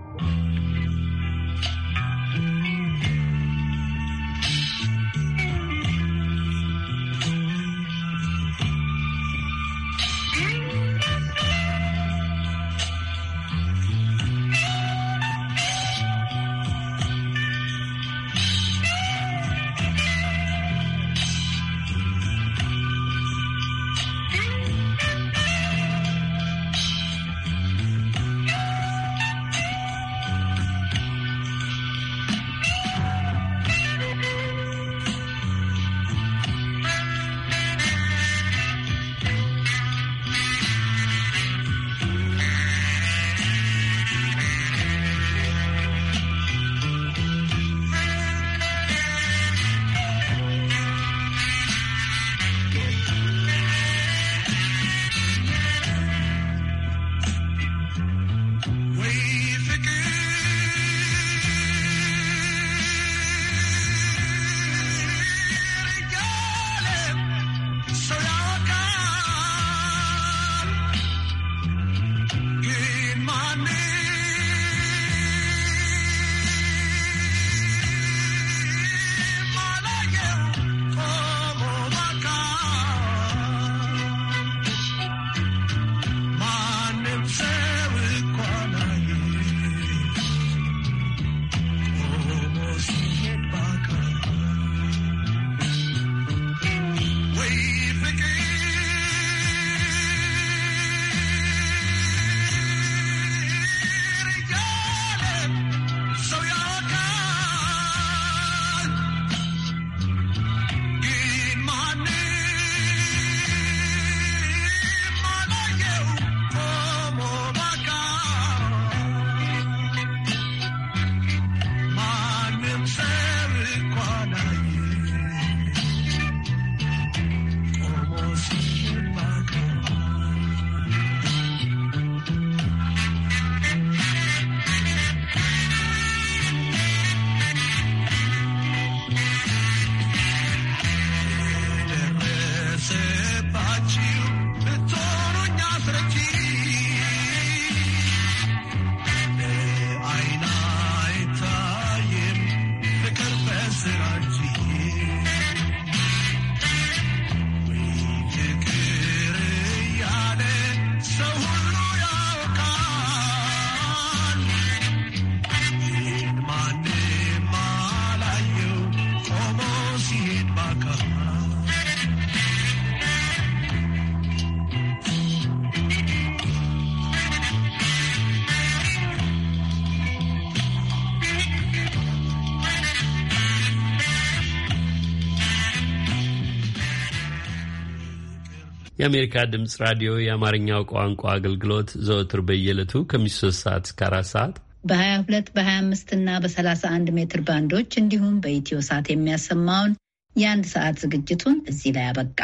የአሜሪካ ድምፅ ራዲዮ የአማርኛው ቋንቋ አገልግሎት ዘወትር በየዕለቱ ከምሽቱ 3 ሰዓት እስከ 4 ሰዓት በ22 በ25 እና በ31 ሜትር ባንዶች እንዲሁም በኢትዮ ሰዓት የሚያሰማውን የአንድ ሰዓት ዝግጅቱን እዚህ ላይ አበቃ።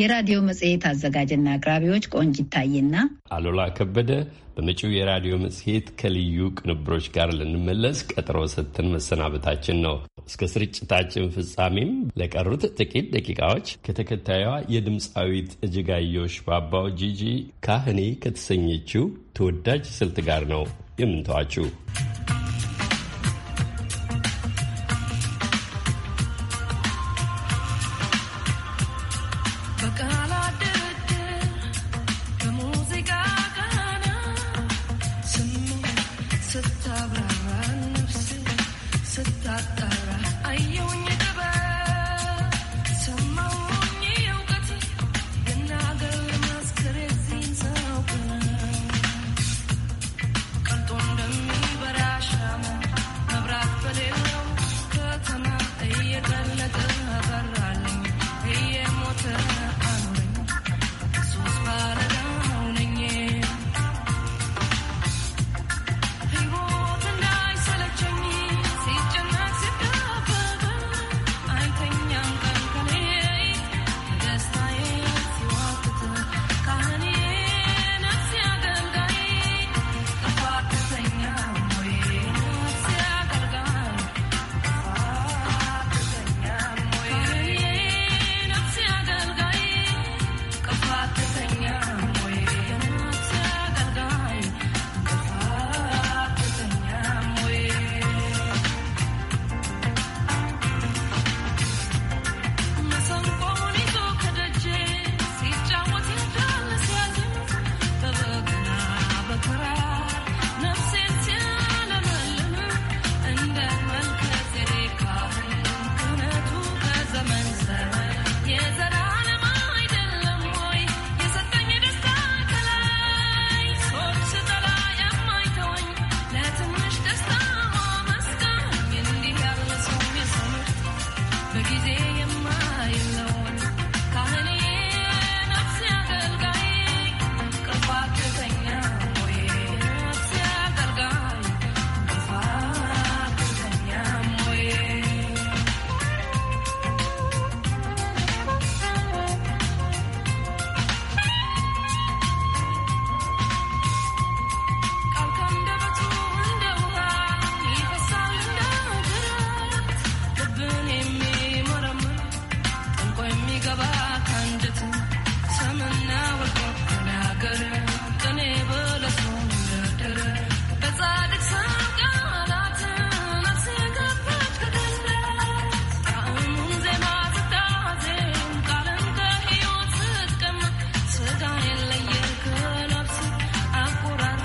የራዲዮ መጽሔት አዘጋጅና አቅራቢዎች ቆንጅ ይታይና አሉላ ከበደ። በመጪው የራዲዮ መጽሔት ከልዩ ቅንብሮች ጋር ልንመለስ ቀጠሮ ሰጥተን መሰናበታችን ነው። እስከ ስርጭታችን ፍጻሜም ለቀሩት ጥቂት ደቂቃዎች ከተከታዩዋ የድምፃዊት እጅጋየሁ ሽባባው ጂጂ ካህኔ ከተሰኘችው ተወዳጅ ስልት ጋር ነው የምንተዋችው።